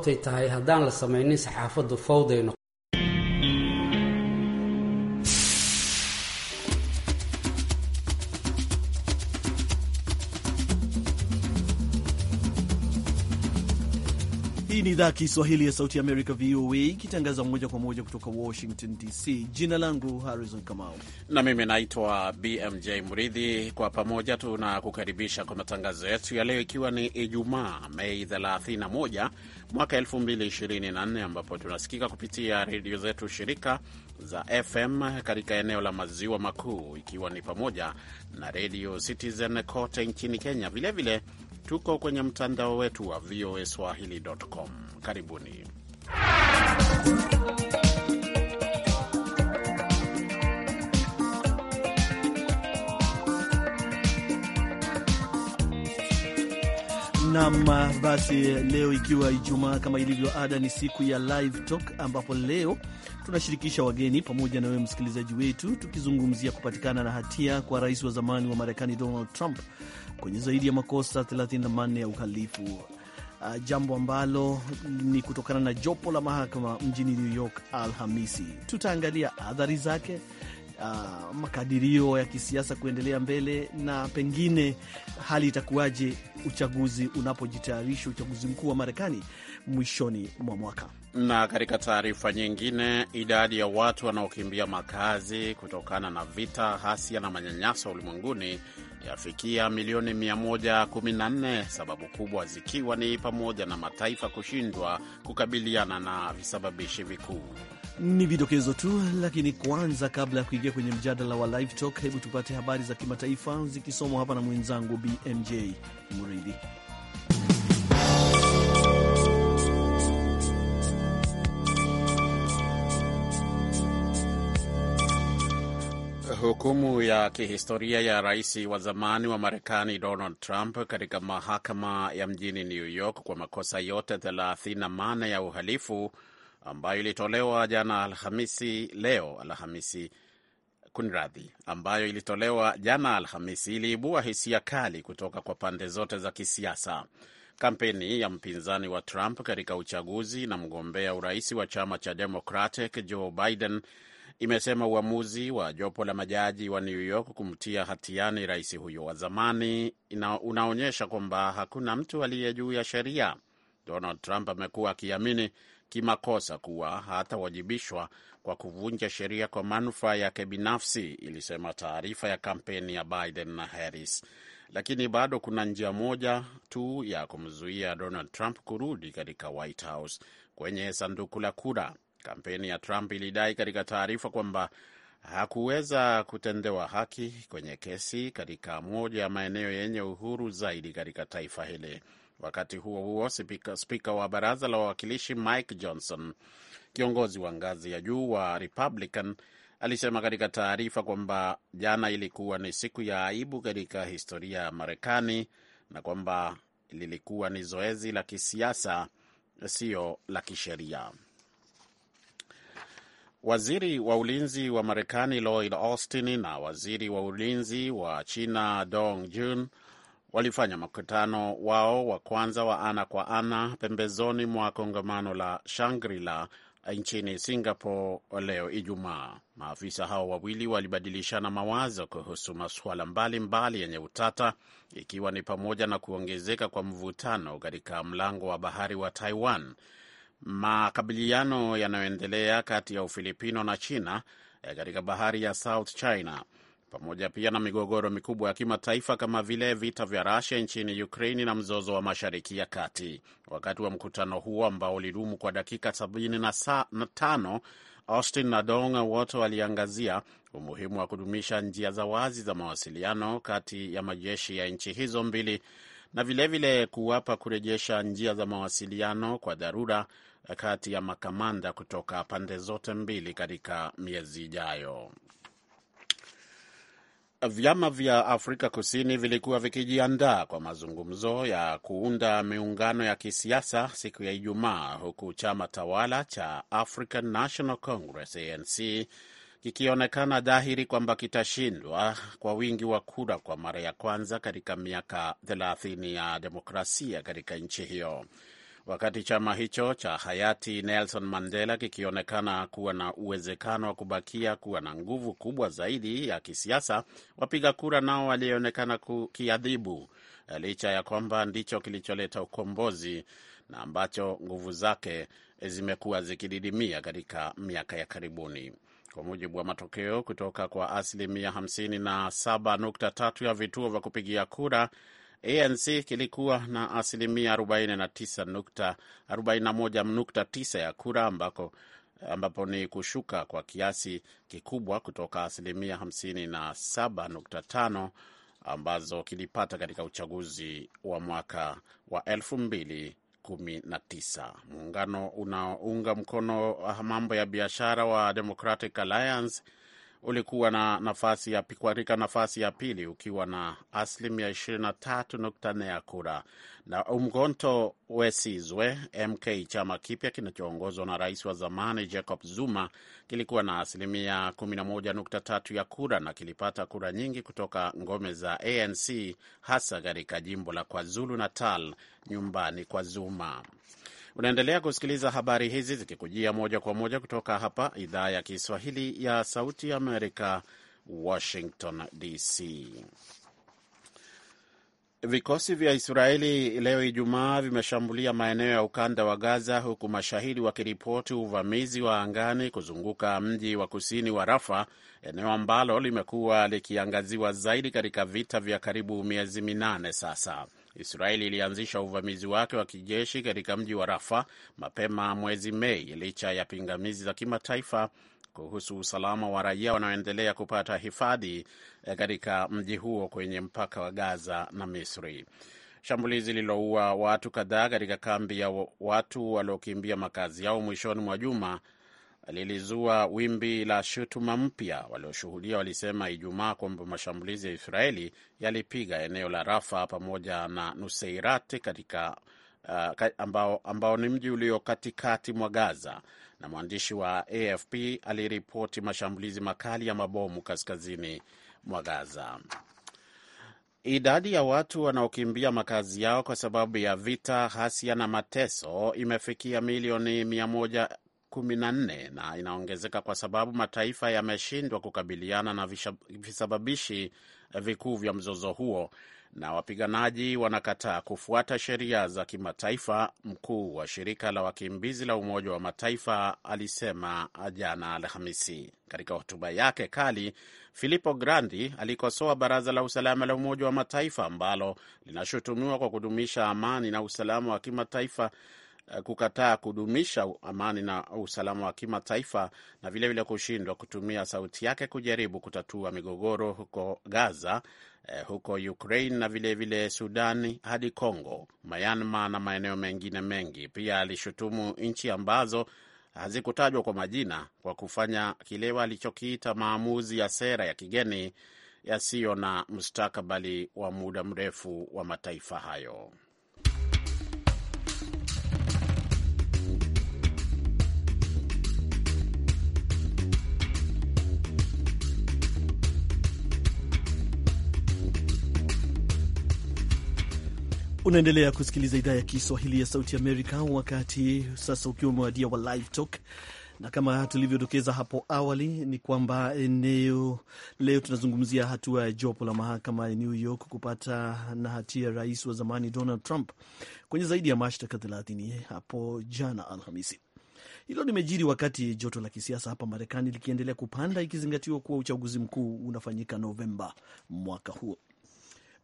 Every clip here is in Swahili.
tahay haddaan la samaynin saxaafaddu fawdayno Hii ni idhaa Kiswahili ya Sauti Amerika, VOA, ikitangaza moja kwa moja kutoka Washington DC. Jina langu Harrison Kamau na mimi naitwa BMJ Mridhi. Kwa pamoja tunakukaribisha kwa matangazo yetu ya leo, ikiwa ni Ijumaa Mei 31 mwaka 2024, ambapo tunasikika kupitia redio zetu shirika za FM katika eneo la maziwa makuu, ikiwa ni pamoja na Redio Citizen kote nchini Kenya, vilevile vile Tuko kwenye mtandao wetu wa voa swahilicom Karibuni. Nam, basi leo ikiwa Ijumaa, kama ilivyo ada, ni siku ya live talk, ambapo leo tunashirikisha wageni pamoja na wewe msikilizaji wetu, tukizungumzia kupatikana na hatia kwa rais wa zamani wa Marekani Donald Trump kwenye zaidi ya makosa 34 ya uhalifu, uh, jambo ambalo ni kutokana na jopo la mahakama mjini New York Alhamisi. Tutaangalia athari zake uh, makadirio ya kisiasa kuendelea mbele, na pengine hali itakuwaje uchaguzi unapojitayarisha, uchaguzi mkuu wa Marekani mwishoni mwa mwaka. Na katika taarifa nyingine, idadi ya watu wanaokimbia makazi kutokana na vita, hasia na manyanyaso ulimwenguni yafikia milioni 114, sababu kubwa zikiwa ni pamoja na mataifa kushindwa kukabiliana na visababishi vikuu. Ni vidokezo tu, lakini kwanza, kabla ya kuingia kwenye mjadala wa live talk, hebu tupate habari za kimataifa zikisomwa hapa na mwenzangu BMJ Muridhi. Hukumu ya kihistoria ya rais wa zamani wa Marekani Donald Trump katika mahakama ya mjini New York kwa makosa yote 38 ya uhalifu ambayo ilitolewa jana Alhamisi, leo Alhamisi kunradhi, ambayo ilitolewa jana Alhamisi iliibua hisia kali kutoka kwa pande zote za kisiasa. Kampeni ya mpinzani wa Trump katika uchaguzi na mgombea urais wa chama cha Democratic Joe Biden imesema uamuzi wa jopo la majaji wa New York kumtia hatiani rais huyo wa zamani unaonyesha kwamba hakuna mtu aliye juu ya sheria. Donald Trump amekuwa akiamini kimakosa kuwa hatawajibishwa kwa kuvunja sheria kwa manufaa yake binafsi, ilisema taarifa ya kampeni ya Biden na Harris. Lakini bado kuna njia moja tu ya kumzuia Donald Trump kurudi katika White House, kwenye sanduku la kura. Kampeni ya Trump ilidai katika taarifa kwamba hakuweza kutendewa haki kwenye kesi katika moja ya maeneo yenye uhuru zaidi katika taifa hili. Wakati huo huo, spika, spika wa baraza la wawakilishi Mike Johnson, kiongozi wa ngazi ya juu wa Republican, alisema katika taarifa kwamba jana ilikuwa ni siku ya aibu katika historia ya Marekani na kwamba lilikuwa ni zoezi la kisiasa, sio la kisheria. Waziri wa ulinzi wa Marekani Lloyd Austin na waziri wa ulinzi wa China Dong Jun walifanya mkutano wao wa kwanza wa ana kwa ana pembezoni mwa kongamano la Shangri-La nchini Singapore leo Ijumaa. Maafisa hao wawili walibadilishana mawazo kuhusu masuala mbalimbali yenye utata, ikiwa ni pamoja na kuongezeka kwa mvutano katika mlango wa bahari wa Taiwan, makabiliano yanayoendelea kati ya Ufilipino na China eh, katika bahari ya South China pamoja pia na migogoro mikubwa ya kimataifa kama vile vita vya Rusia nchini Ukraini na mzozo wa Mashariki ya Kati. Wakati wa mkutano huo ambao ulidumu kwa dakika 75, Austin na Dong wote waliangazia umuhimu wa kudumisha njia za wazi za mawasiliano kati ya majeshi ya nchi hizo mbili na vilevile vile kuwapa kurejesha njia za mawasiliano kwa dharura kati ya makamanda kutoka pande zote mbili katika miezi ijayo vyama vya Afrika Kusini vilikuwa vikijiandaa kwa mazungumzo ya kuunda miungano ya kisiasa siku ya Ijumaa, huku chama tawala cha African National Congress ANC kikionekana dhahiri kwamba kitashindwa kwa wingi wa kura kwa mara ya kwanza katika miaka 30 ya demokrasia katika nchi hiyo wakati chama hicho cha hayati Nelson Mandela kikionekana kuwa na uwezekano wa kubakia kuwa na nguvu kubwa zaidi ya kisiasa, wapiga kura nao walionekana kukiadhibu, licha ya kwamba ndicho kilicholeta ukombozi na ambacho nguvu zake zimekuwa zikididimia katika miaka ya karibuni. Kwa mujibu wa matokeo kutoka kwa asilimia 57.3 ya vituo vya kupigia kura ANC kilikuwa na asilimia 49.41.9 ya kura ambako ambapo ni kushuka kwa kiasi kikubwa kutoka asilimia 57.5 ambazo kilipata katika uchaguzi wa mwaka wa 2019. Muungano unaounga mkono ah, mambo ya biashara wa Democratic Alliance ulikuwa na nafasi ya katika nafasi ya pili ukiwa na asilimia 23.4 ya kura, na Umgonto Wesizwe MK, chama kipya kinachoongozwa na rais wa zamani Jacob Zuma, kilikuwa na asilimia 11.3 ya kura na kilipata kura nyingi kutoka ngome za ANC, hasa katika jimbo la KwaZulu Natal, nyumbani kwa Zuma. Unaendelea kusikiliza habari hizi zikikujia moja kwa moja kutoka hapa idhaa ya Kiswahili ya Sauti ya Amerika, Washington DC. Vikosi vya Israeli leo Ijumaa vimeshambulia maeneo ya ukanda wa Gaza, huku mashahidi wakiripoti uvamizi wa angani kuzunguka mji wa kusini wa Rafa, eneo ambalo limekuwa likiangaziwa zaidi katika vita vya karibu miezi minane sasa. Israeli ilianzisha uvamizi wake wa kijeshi katika mji wa Rafa mapema mwezi Mei licha ya pingamizi za kimataifa kuhusu usalama wa raia wanaoendelea kupata hifadhi eh, katika mji huo kwenye mpaka wa Gaza na Misri. Shambulizi lililoua watu kadhaa katika kambi ya watu waliokimbia makazi yao mwishoni mwa juma lilizua wimbi la shutuma mpya. Walioshuhudia walisema Ijumaa kwamba mashambulizi ya Israeli yalipiga eneo la Rafa pamoja na Nuseirat katika Uh, ambao, ambao ni mji ulio katikati mwa Gaza, na mwandishi wa AFP aliripoti mashambulizi makali ya mabomu kaskazini mwa Gaza. Idadi ya watu wanaokimbia makazi yao kwa sababu ya vita, ghasia na mateso imefikia milioni 14 na inaongezeka kwa sababu mataifa yameshindwa kukabiliana na visababishi vikuu vya mzozo huo na wapiganaji wanakataa kufuata sheria za kimataifa. Mkuu wa shirika la wakimbizi la Umoja wa Mataifa alisema jana Alhamisi. Katika hotuba yake kali, Filippo Grandi alikosoa Baraza la Usalama la Umoja wa Mataifa ambalo linashutumiwa kwa kudumisha amani na usalama wa kimataifa Eh, kukataa kudumisha amani na usalama wa kimataifa na vilevile kushindwa kutumia sauti yake kujaribu kutatua migogoro huko Gaza, eh, huko Ukraine na vilevile vile Sudani hadi Congo, Myanmar na maeneo mengine mengi. Pia alishutumu nchi ambazo hazikutajwa kwa majina kwa kufanya kile alichokiita maamuzi ya sera ya kigeni yasiyo na mustakabali wa muda mrefu wa mataifa hayo. Unaendelea kusikiliza idhaa ya Kiswahili ya Sauti Amerika, wakati sasa ukiwa umewadia wa Live Talk na kama tulivyodokeza hapo awali ni kwamba eneo leo tunazungumzia hatua ya jopo la mahakama ya New York kupata na hatia rais wa zamani Donald Trump kwenye zaidi ya mashtaka thelathini hapo jana Alhamisi. Hilo limejiri wakati joto la kisiasa hapa Marekani likiendelea kupanda, ikizingatiwa kuwa uchaguzi mkuu unafanyika Novemba mwaka huo.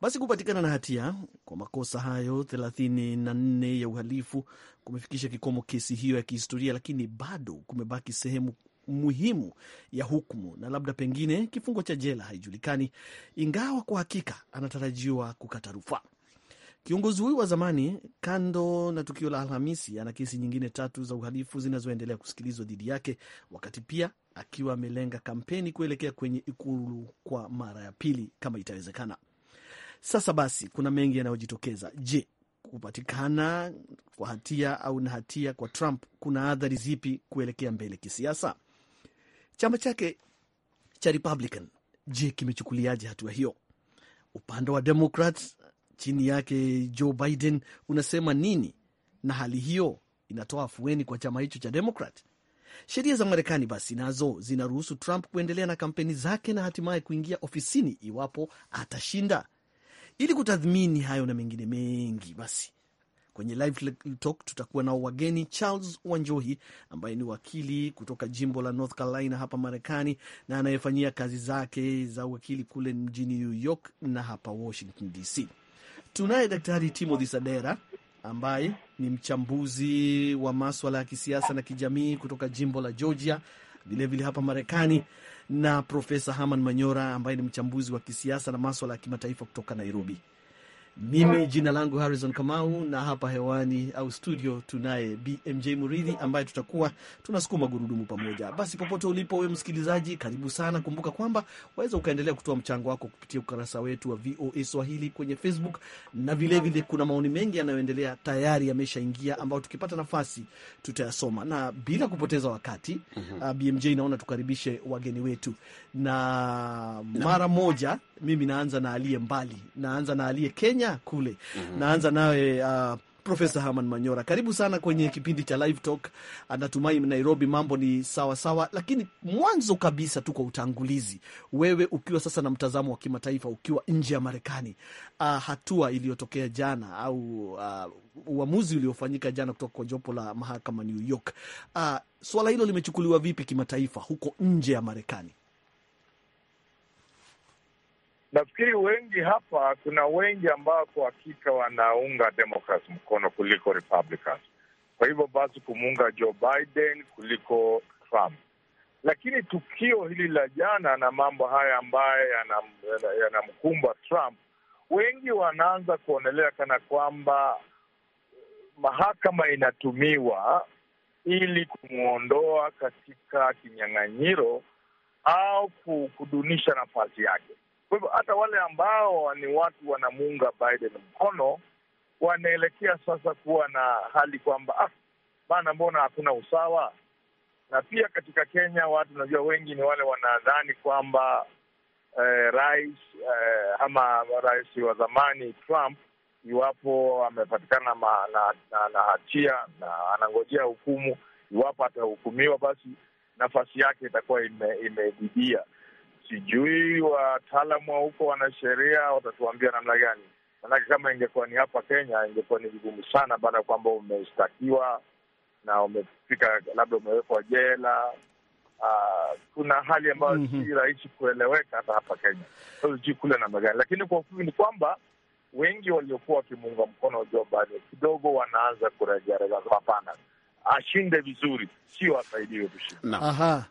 Basi kupatikana na hatia kwa makosa hayo 34 ya uhalifu kumefikisha kikomo kesi hiyo ya kihistoria, lakini bado kumebaki sehemu muhimu ya hukumu na labda pengine kifungo cha jela haijulikani, ingawa kwa hakika anatarajiwa kukata rufaa. Kiongozi huyu wa zamani, kando na tukio la Alhamisi, ana kesi nyingine tatu za uhalifu zinazoendelea kusikilizwa dhidi yake, wakati pia akiwa amelenga kampeni kuelekea kwenye ikulu kwa mara ya pili kama itawezekana. Sasa basi, kuna mengi yanayojitokeza. Je, kupatikana kwa hatia au na hatia kwa Trump kuna athari zipi kuelekea mbele kisiasa? Chama chake cha Republican, je, kimechukuliaje hatua hiyo? Upande wa Democrat chini yake Joe Biden unasema nini? Na hali hiyo inatoa afueni kwa chama hicho cha Democrat? Sheria za Marekani basi nazo zinaruhusu Trump kuendelea na kampeni zake na hatimaye kuingia ofisini iwapo atashinda. Ili kutathmini hayo na mengine mengi, basi kwenye live talk tutakuwa nao wageni Charles Wanjohi ambaye ni wakili kutoka jimbo la North Carolina hapa Marekani na anayefanyia kazi zake za uwakili kule mjini New York na hapa Washington DC. Tunaye Daktari Timothy Sadera ambaye ni mchambuzi wa maswala ya kisiasa na kijamii kutoka jimbo la Georgia vilevile hapa Marekani na Profesa Herman Manyora ambaye ni mchambuzi wa kisiasa na maswala ya kimataifa kutoka Nairobi. Mimi jina langu Harrison Kamau, na hapa hewani au studio tunaye BMJ Muridhi ambaye tutakuwa tunasukuma gurudumu pamoja. Basi popote ulipo wewe msikilizaji, karibu sana. Kumbuka kwamba waweza ukaendelea kutoa mchango wako kupitia ukurasa wetu wa VOA Swahili kwenye Facebook, na vilevile vile kuna maoni mengi yanayoendelea tayari yameshaingia, ambayo tukipata nafasi tutayasoma, na bila kupoteza wakati mm -hmm. Uh, BMJ, naona tukaribishe wageni wetu na mara moja mimi naanza na aliye mbali, naanza na aliye Kenya kule. mm -hmm. Naanza nawe uh, Profesa Herman Manyora, karibu sana kwenye kipindi cha Live Talk. Nairobi mambo ni sawa sawa, lakini mwanzo kabisa tu kwa utangulizi, wewe ukiwa sasa na mtazamo wa kimataifa, ukiwa nje ya Marekani, uh, hatua iliyotokea jana au uh, uamuzi uliofanyika jana kutoka kwa jopo la mahakama New York, uh, swala hilo limechukuliwa vipi kimataifa huko nje ya Marekani? Nafikiri wengi hapa, kuna wengi ambao kwa hakika wanaunga Democrats mkono kuliko Republicans, kwa hivyo basi kumuunga Joe Biden kuliko Trump. Lakini tukio hili la jana na mambo haya ambayo yanamkumba yana Trump, wengi wanaanza kuonelea kana kwamba mahakama inatumiwa ili kumwondoa katika kinyang'anyiro au kudunisha nafasi yake. Kwa hivyo hata wale ambao ni watu wanamuunga Biden mkono wanaelekea sasa kuwa na hali kwamba ah, bana, mbona hakuna usawa? Na pia katika Kenya watu najua wengi ni wale wanadhani kwamba eh, rais eh, ama rais wa zamani Trump iwapo amepatikana na, na, na hatia na anangojea hukumu, iwapo atahukumiwa, basi nafasi yake itakuwa imedidia ime sijui wataalamu wa huko wanasheria watatuambia namna gani, manake kama ingekuwa ni hapa Kenya ingekuwa ni vigumu sana, baada ya kwamba umeshtakiwa na umefika labda umewekwa jela. Uh, kuna hali ambayo mm -hmm. si rahisi kueleweka hata hapa Kenya, sijui kule namna gani, lakini kwa ufupi ni kwamba wengi waliokuwa wakimuunga mkono Joe kidogo wanaanza kurejea hapana, ashinde vizuri, sio asaidiwe kushinda.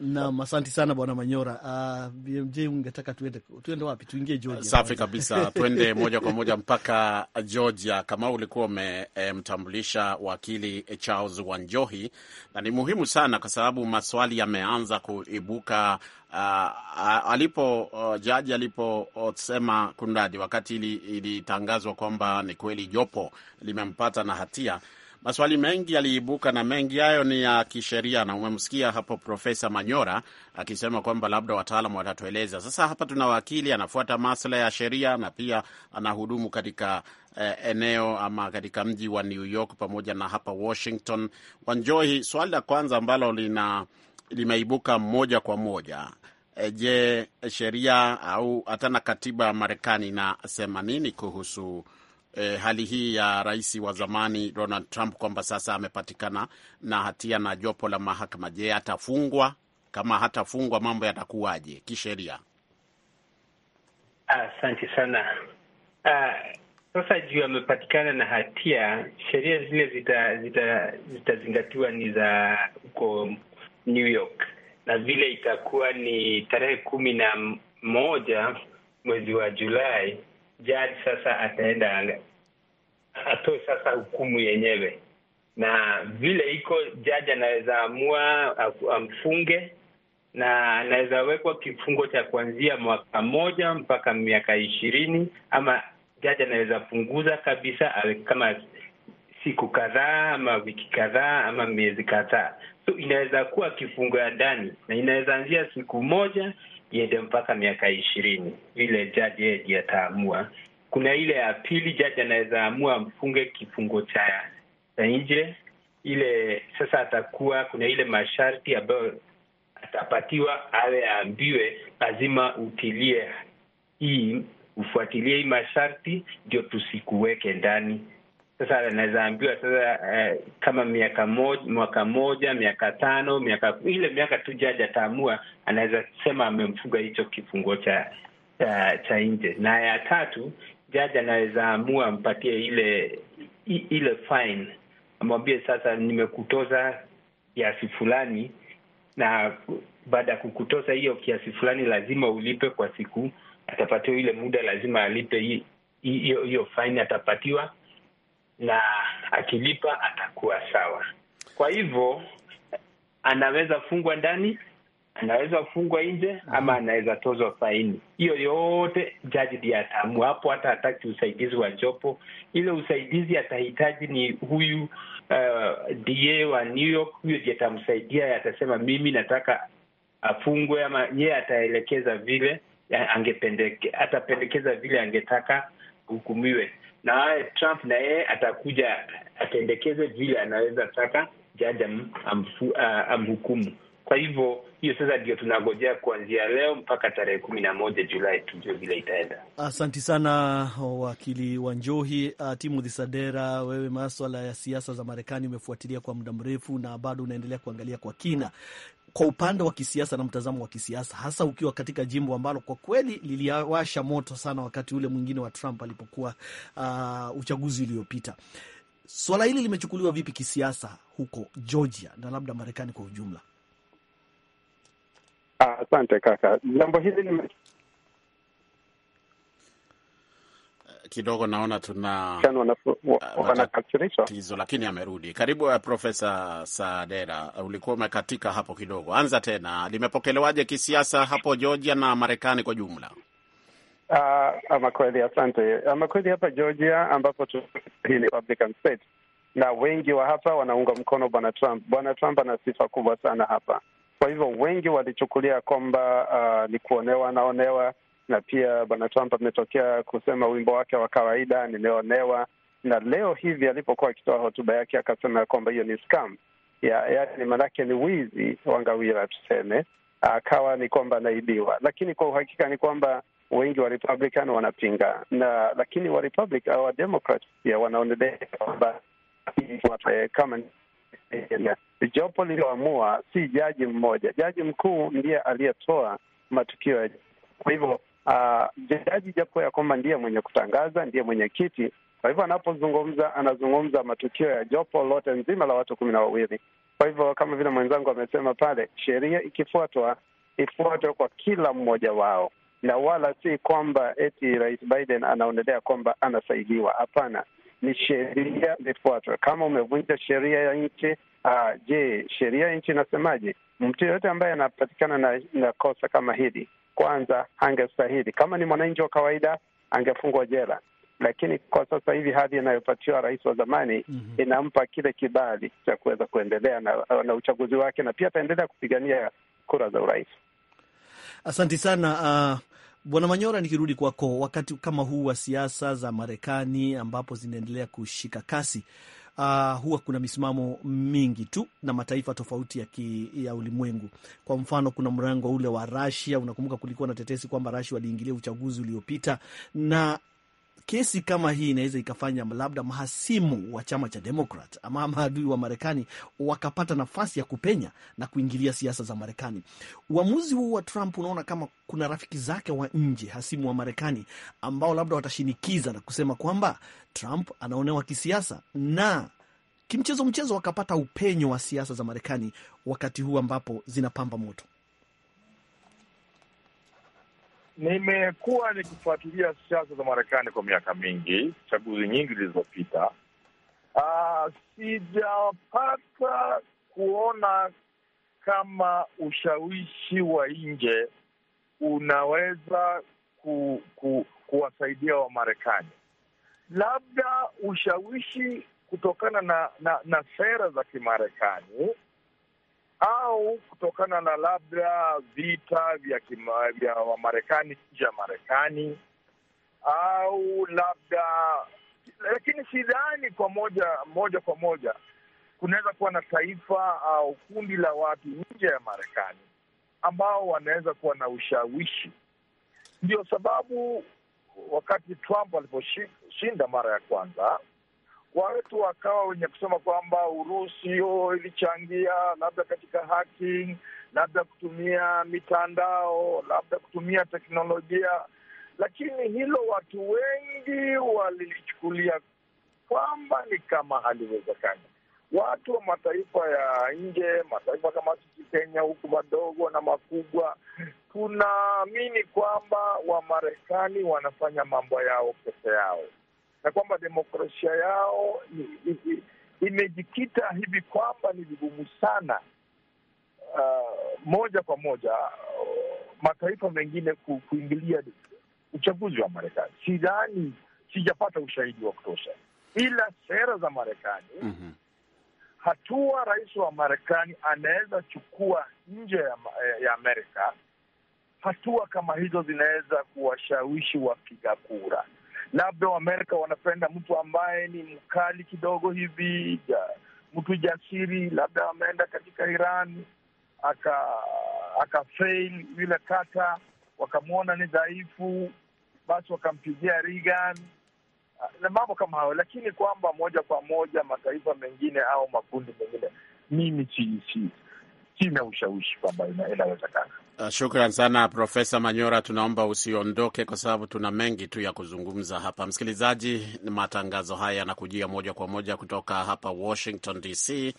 Naam, asante sana bwana Manyora. Uh, ah, BMJ ungetaka tuende, tuende wapi? Tuingie Georgia. Safi kabisa tuende moja kwa moja mpaka Georgia. Kama ulikuwa umemtambulisha eh, e, wakili eh, Charles Wanjohi, na ni muhimu sana kwa sababu maswali yameanza kuibuka uh, alipo uh, jaji aliposema oh, kundadi wakati ilitangazwa ili kwamba ni kweli jopo limempata na hatia Maswali mengi yaliibuka na mengi hayo ni ya kisheria, na umemsikia hapo Profesa Manyora akisema kwamba labda wataalam watatueleza. Sasa hapa tuna wakili anafuata masuala ya sheria na pia anahudumu katika eh, eneo ama katika mji wa New York pamoja na hapa Washington. Wanjohi, swali la kwanza ambalo lina limeibuka moja kwa moja eh, Je, sheria au hata na katiba ya Marekani inasema nini kuhusu eh, hali hii ya rais wa zamani Donald Trump kwamba sasa amepatikana na hatia na jopo la mahakama. Je, atafungwa? Kama hatafungwa, mambo yatakuwaje kisheria? Asante uh, sana uh, Sasa juu amepatikana na hatia, sheria zile zitazingatiwa zita, zita ni za huko New York, na vile itakuwa ni tarehe kumi na moja mwezi wa Julai. Jaji sasa ataenda atoe sasa hukumu yenyewe, na vile iko jaji anaweza amua amfunge, na anaweza wekwa kifungo cha kuanzia mwaka moja mpaka miaka ishirini, ama jaji anaweza punguza kabisa kama siku kadhaa ama wiki kadhaa ama miezi kadhaa. So inaweza kuwa kifungo ya ndani na inaweza anzia siku moja iende mpaka miaka ishirini, vile jaji yeye ataamua. Kuna ile ya pili, jaji anaweza amua amfunge kifungo cha nje ile. Sasa atakuwa kuna ile masharti ambayo atapatiwa awe aambiwe, lazima utilie hii, ufuatilie hii masharti ndio tusikuweke ndani. Sasa anaweza ambiwa sasa eh, kama miaka moja, mwaka moja, miaka tano, miaka ile miaka tu jaji ataamua, anaweza sema amemfuga hicho kifungo cha cha, cha nje. Na ya tatu jaji anaweza amua ampatie ile ile fine, amwambie sasa, nimekutoza kiasi fulani, na baada ya kukutoza hiyo kiasi fulani lazima ulipe kwa siku. Atapatiwa ile muda, lazima alipe hiyo hiyo fine atapatiwa, na akilipa atakuwa sawa. Kwa hivyo anaweza fungwa ndani anaweza kufungwa nje mm. ama anaweza tozwa faini. Hiyo yote jaji ndiye ataamua hapo, hata hataki usaidizi wa jopo. Ile usaidizi atahitaji ni huyu uh, DA wa New York, huyo ndiye atamsaidia. Atasema mimi nataka afungwe, ama yeye ataelekeza vile angependeke, atapendekeza vile angetaka hukumiwe. Na Trump na yeye atakuja apendekeze vile anaweza taka jaji uh, amhukumu. Kwa hivyo hiyo sasa ndio tunangojea kuanzia leo mpaka tarehe kumi na moja Julai tujue vile itaenda. Asanti sana wakili Njohi Uh, Timothy Sadera, wewe maswala ya siasa za Marekani umefuatilia kwa muda mrefu na bado unaendelea kuangalia kwa kina kwa upande wa kisiasa na mtazamo wa kisiasa, hasa ukiwa katika jimbo ambalo kwa kweli liliwasha moto sana wakati ule mwingine wa Trump alipokuwa uh, uchaguzi uliopita. Swala hili limechukuliwa vipi kisiasa huko Georgia na labda Marekani kwa ujumla? Ah, asante kaka, jambo hili ni kidogo naona tuna uh, tatizo, lakini amerudi. Karibu uh, Profesa Sadera, ulikuwa umekatika hapo kidogo, anza tena. Limepokelewaje kisiasa hapo Georgia na Marekani kwa jumla? Uh, ama kweli, asante. Ama kweli hapa Georgia ambapo hii Republican state na wengi wa hapa wanaunga mkono bwana Trump. Bwana Trump ana sifa kubwa sana hapa kwa hivyo wengi walichukulia kwamba uh, ni kuonewa naonewa, na pia bwana Trump ametokea kusema wimbo wake wa kawaida nimeonewa, na leo hivi alipokuwa akitoa hotuba yake akasema ya kwamba hiyo ni scam ya, yaani maanake ni wizi wangawira tuseme, akawa ni kwamba anaibiwa. Lakini kwa uhakika ni kwamba wengi wa Republican wanapinga na lakini wa Republican uh, wa Democrat pia wanaonelea kwamba kama jopo Lililoamua si jaji mmoja. Jaji mkuu ndiye aliyetoa matukio ya. Kwa hivyo uh, jaji japo ya kwamba ndiye mwenye kutangaza, ndiye mwenyekiti. Kwa hivyo anapozungumza, anazungumza matukio ya jopo lote nzima la watu kumi na wawili. Kwa hivyo kama vile mwenzangu amesema pale, sheria ikifuatwa, ifuatwe kwa kila mmoja wao, na wala si kwamba eti Rais Biden anaonelea kwamba anasaidiwa. Hapana, ni sheria zifuatwe. Kama umevunja sheria ya nchi Uh, je, sheria nchi inasemaje? Mtu yeyote ambaye anapatikana na, na kosa kama hili, kwanza angestahili, kama ni mwananchi wa kawaida angefungwa jela, lakini kwa sasa hivi hadhi inayopatiwa rais wa zamani mm -hmm. inampa kile kibali cha kuweza kuendelea na, na uchaguzi wake na pia ataendelea kupigania kura za urais. asanti sana uh... Bwana Manyora, nikirudi kwako, wakati kama huu wa siasa za Marekani ambapo zinaendelea kushika kasi, uh, huwa kuna misimamo mingi tu na mataifa tofauti ya, ki, ya ulimwengu. Kwa mfano kuna mrengo ule wa Russia, unakumbuka kulikuwa na tetesi kwamba Russia waliingilia uchaguzi uliopita na kesi kama hii inaweza ikafanya labda mahasimu wa chama cha Demokrat ama maadui wa Marekani wakapata nafasi ya kupenya na kuingilia siasa za Marekani. Uamuzi huu wa Trump, unaona kama kuna rafiki zake wa nje, hasimu wa Marekani, ambao labda watashinikiza na kusema kwamba Trump anaonewa kisiasa na kimchezo mchezo, wakapata upenyo wa siasa za Marekani wakati huu ambapo zinapamba moto. Nimekuwa nikifuatilia siasa za Marekani kwa miaka mingi, chaguzi nyingi zilizopita. Uh, sijapata kuona kama ushawishi wa nje unaweza ku, ku, kuwasaidia Wamarekani, labda ushawishi kutokana na, na, na sera za Kimarekani au kutokana na labda vita vya vya Wamarekani nje ya Marekani au labda, lakini sidhani kwa moja moja kwa moja kunaweza kuwa na taifa au kundi la watu nje ya Marekani ambao wanaweza kuwa na ushawishi. Ndio sababu wakati Trump aliposhinda mara ya kwanza watu wakawa wenye kusema kwamba Urusi hiyo oh, ilichangia labda katika hacking, labda kutumia mitandao, labda kutumia teknolojia, lakini hilo watu wengi walilichukulia kwamba ni kama haliwezekani. Watu wa mataifa ya nje, mataifa kama sisi Kenya huku, madogo na makubwa, tunaamini kwamba Wamarekani wanafanya mambo yao peke yao na kwamba demokrasia yao imejikita hivi kwamba ni vigumu sana uh, moja kwa moja uh, mataifa mengine ku, kuingilia uchaguzi wa Marekani. Sidhani, sijapata ushahidi wa kutosha, ila sera za Marekani mm -hmm. hatua rais wa Marekani anaweza chukua nje ya, ya Amerika, hatua kama hizo zinaweza kuwashawishi wapiga kura labda Waamerika wanapenda mtu ambaye ni mkali kidogo hivi, ja, mtu jasiri, labda ameenda katika Iran aka akafail yule kata, wakamwona ni dhaifu, basi wakampigia Reagan na mambo kama hayo, lakini kwamba moja kwa moja mataifa mengine au makundi mengine, mimi si sina ushawishi kwamba inawezekana. Uh, shukran sana Profesa Manyora, tunaomba usiondoke kwa sababu tuna mengi tu ya kuzungumza hapa. Msikilizaji, matangazo haya yanakujia moja kwa moja kutoka hapa Washington DC.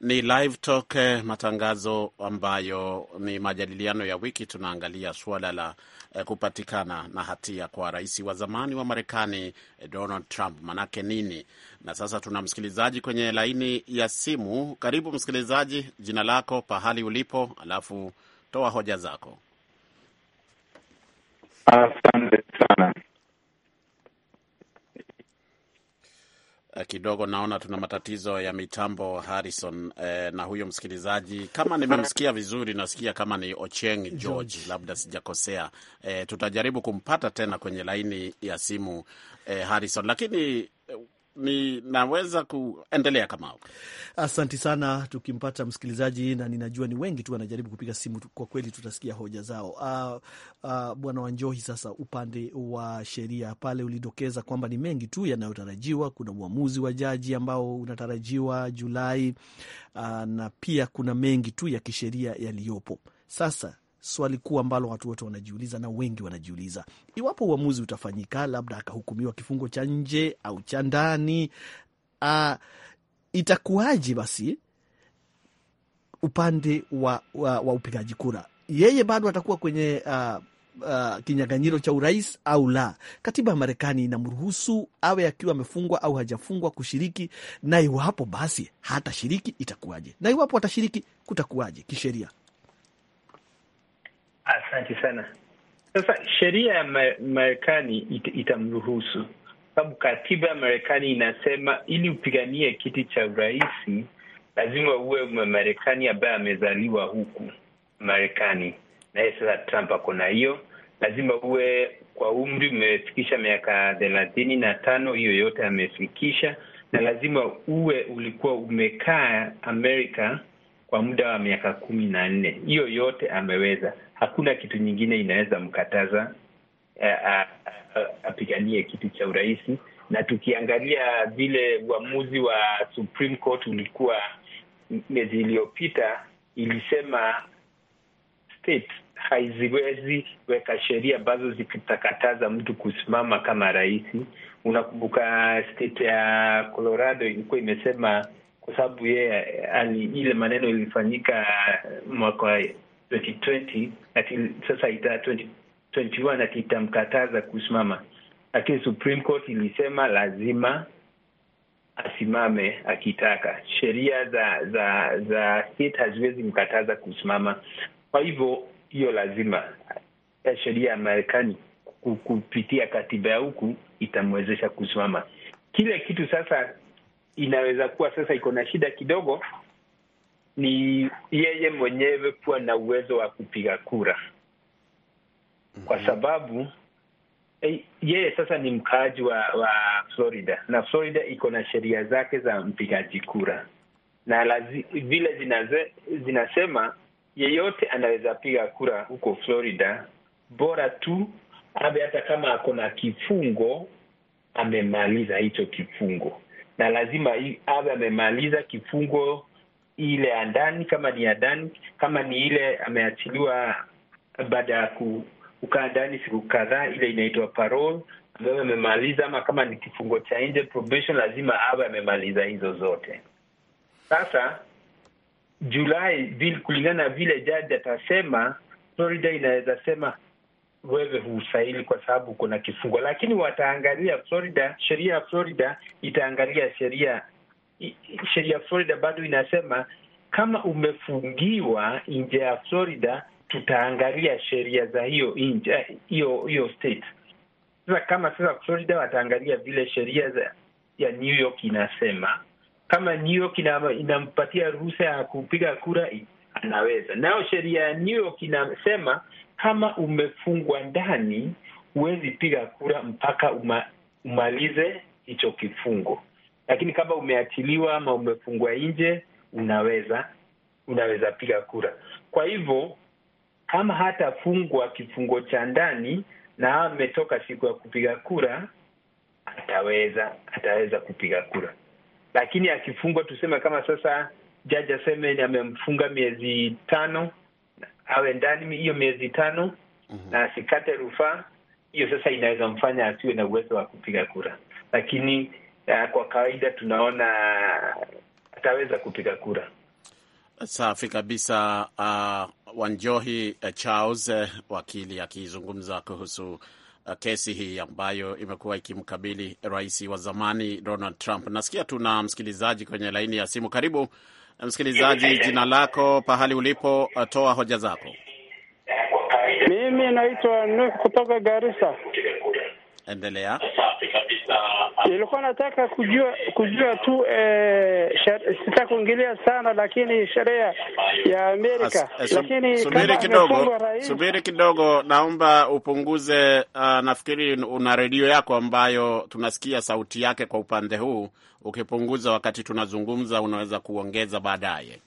Ni Live Talk, eh, matangazo ambayo ni majadiliano ya wiki. Tunaangalia suala la eh, kupatikana na hatia kwa rais wa zamani wa Marekani eh, Donald Trump, manake nini? Na sasa tuna msikilizaji kwenye laini ya simu. Karibu msikilizaji, jina lako, pahali ulipo, alafu Toa hoja zako. Asante sana. Eh, kidogo naona tuna matatizo ya mitambo Harrison, eh, na huyo msikilizaji kama nimemsikia vizuri, nasikia kama ni Ocheng George, labda sijakosea. Eh, tutajaribu kumpata tena kwenye laini ya simu eh, Harrison, lakini eh, ninaweza kuendelea kama asanti sana. Tukimpata msikilizaji, na ninajua ni wengi tu wanajaribu kupiga simu, kwa kweli tutasikia hoja zao. Uh, uh, Bwana Wanjohi, sasa upande wa sheria pale ulidokeza kwamba ni mengi tu yanayotarajiwa. Kuna uamuzi wa jaji ambao unatarajiwa Julai, uh, na pia kuna mengi tu ya kisheria yaliyopo sasa swali kuu ambalo watu wote wanajiuliza na wengi wanajiuliza, iwapo uamuzi utafanyika, labda akahukumiwa kifungo cha nje au cha ndani, uh, itakuwaje basi upande wa, wa, wa upigaji kura? Yeye bado atakuwa kwenye uh, Uh, kinyang'anyiro cha urais au la. Katiba ya Marekani inamruhusu awe akiwa amefungwa au hajafungwa kushiriki, na iwapo basi hatashiriki itakuwaje? Na iwapo atashiriki kutakuwaje kisheria? Asante sana. Sasa sheria ya Marekani itamruhusu sababu katiba ya Marekani inasema ili upiganie kiti cha urais lazima uwe Mmarekani ambaye amezaliwa huku Marekani, naye sasa Trump ako na hiyo. Lazima uwe kwa umri umefikisha miaka thelathini na tano, hiyo yote amefikisha, na lazima uwe ulikuwa umekaa Amerika kwa muda wa miaka kumi na nne, hiyo yote ameweza hakuna kitu nyingine inaweza mkataza eh, eh, eh, apiganie kitu cha urais. Na tukiangalia vile uamuzi wa Supreme Court ulikuwa miezi iliyopita, ilisema state haiziwezi weka sheria ambazo zitakataza mtu kusimama kama rais. Unakumbuka state ya Colorado ilikuwa imesema kwa sababu yeye ile maneno ilifanyika mwaka 2020 ati, sasa ita 2021 ati itamkataza kusimama, lakini Supreme Court ilisema lazima asimame akitaka. Sheria za za za state haziwezi mkataza kusimama. Kwa hivyo hiyo lazima eh, sheria ya Marekani kupitia katiba ya huku itamwezesha kusimama. Kile kitu sasa inaweza kuwa sasa iko na shida kidogo ni yeye mwenyewe kuwa na uwezo wa kupiga kura, mhm. kwa sababu eh, yeye sasa ni mkaaji wa, wa Florida na Florida iko na sheria zake za mpigaji kura na lazi, vile zinaze, zinasema yeyote anaweza piga kura huko Florida bora tu ave hata kama ako na kifungo amemaliza hicho kifungo, na lazima ave amemaliza kifungo ile ya ndani, kama ni ya ndani, kama ni ile ameachiliwa baada ya kukaa ndani siku kadhaa, ile inaitwa parole ambayo amemaliza, ama kama ni kifungo cha nje probation, lazima awe amemaliza hizo zote. Sasa Julai, vile kulingana na vile jaji atasema, Florida inaweza sema wewe huusahili kwa sababu kuna kifungo, lakini wataangalia Florida, sheria ya Florida itaangalia sheria sheria ya Florida bado inasema kama umefungiwa nje ya Florida, tutaangalia sheria za hiyo nje eh, hiyo hiyo state. Sasa kama sasa Florida wataangalia vile sheria za ya New York inasema, kama New York ina, inampatia ruhusa ya kupiga kura anaweza. Nayo sheria ya New York inasema kama umefungwa ndani huwezi piga kura mpaka uma, umalize hicho kifungo lakini kama umeachiliwa ama umefungwa nje, unaweza unaweza piga kura. Kwa hivyo kama hatafungwa kifungo cha ndani na ametoka siku ya kupiga kura, ataweza ataweza kupiga kura. Lakini akifungwa, tuseme kama sasa jaji aseme amemfunga miezi tano, awe ndani hiyo miezi tano mm -hmm. na asikate rufaa, hiyo sasa inaweza mfanya asiwe na uwezo wa kupiga kura, lakini kwa kawaida tunaona ataweza kupiga kura. Safi kabisa. Uh, Wanjohi uh, Charles, uh, wakili akizungumza kuhusu uh, kesi hii ambayo imekuwa ikimkabili rais wa zamani Donald Trump. Nasikia tuna msikilizaji kwenye laini ya simu. Karibu uh, msikilizaji, jina lako, pahali ulipo, toa hoja zako. Mimi naitwa kutoka Garissa. Endelea nilikuwa nataka kujua kujua tu eh, sita kuingilia sana lakini sheria ya Amerika As, eh, lakini subiri kidogo, subiri kidogo, naomba upunguze. Uh, nafikiri una redio yako ambayo tunasikia sauti yake kwa upande huu. Ukipunguza wakati tunazungumza, unaweza kuongeza baadaye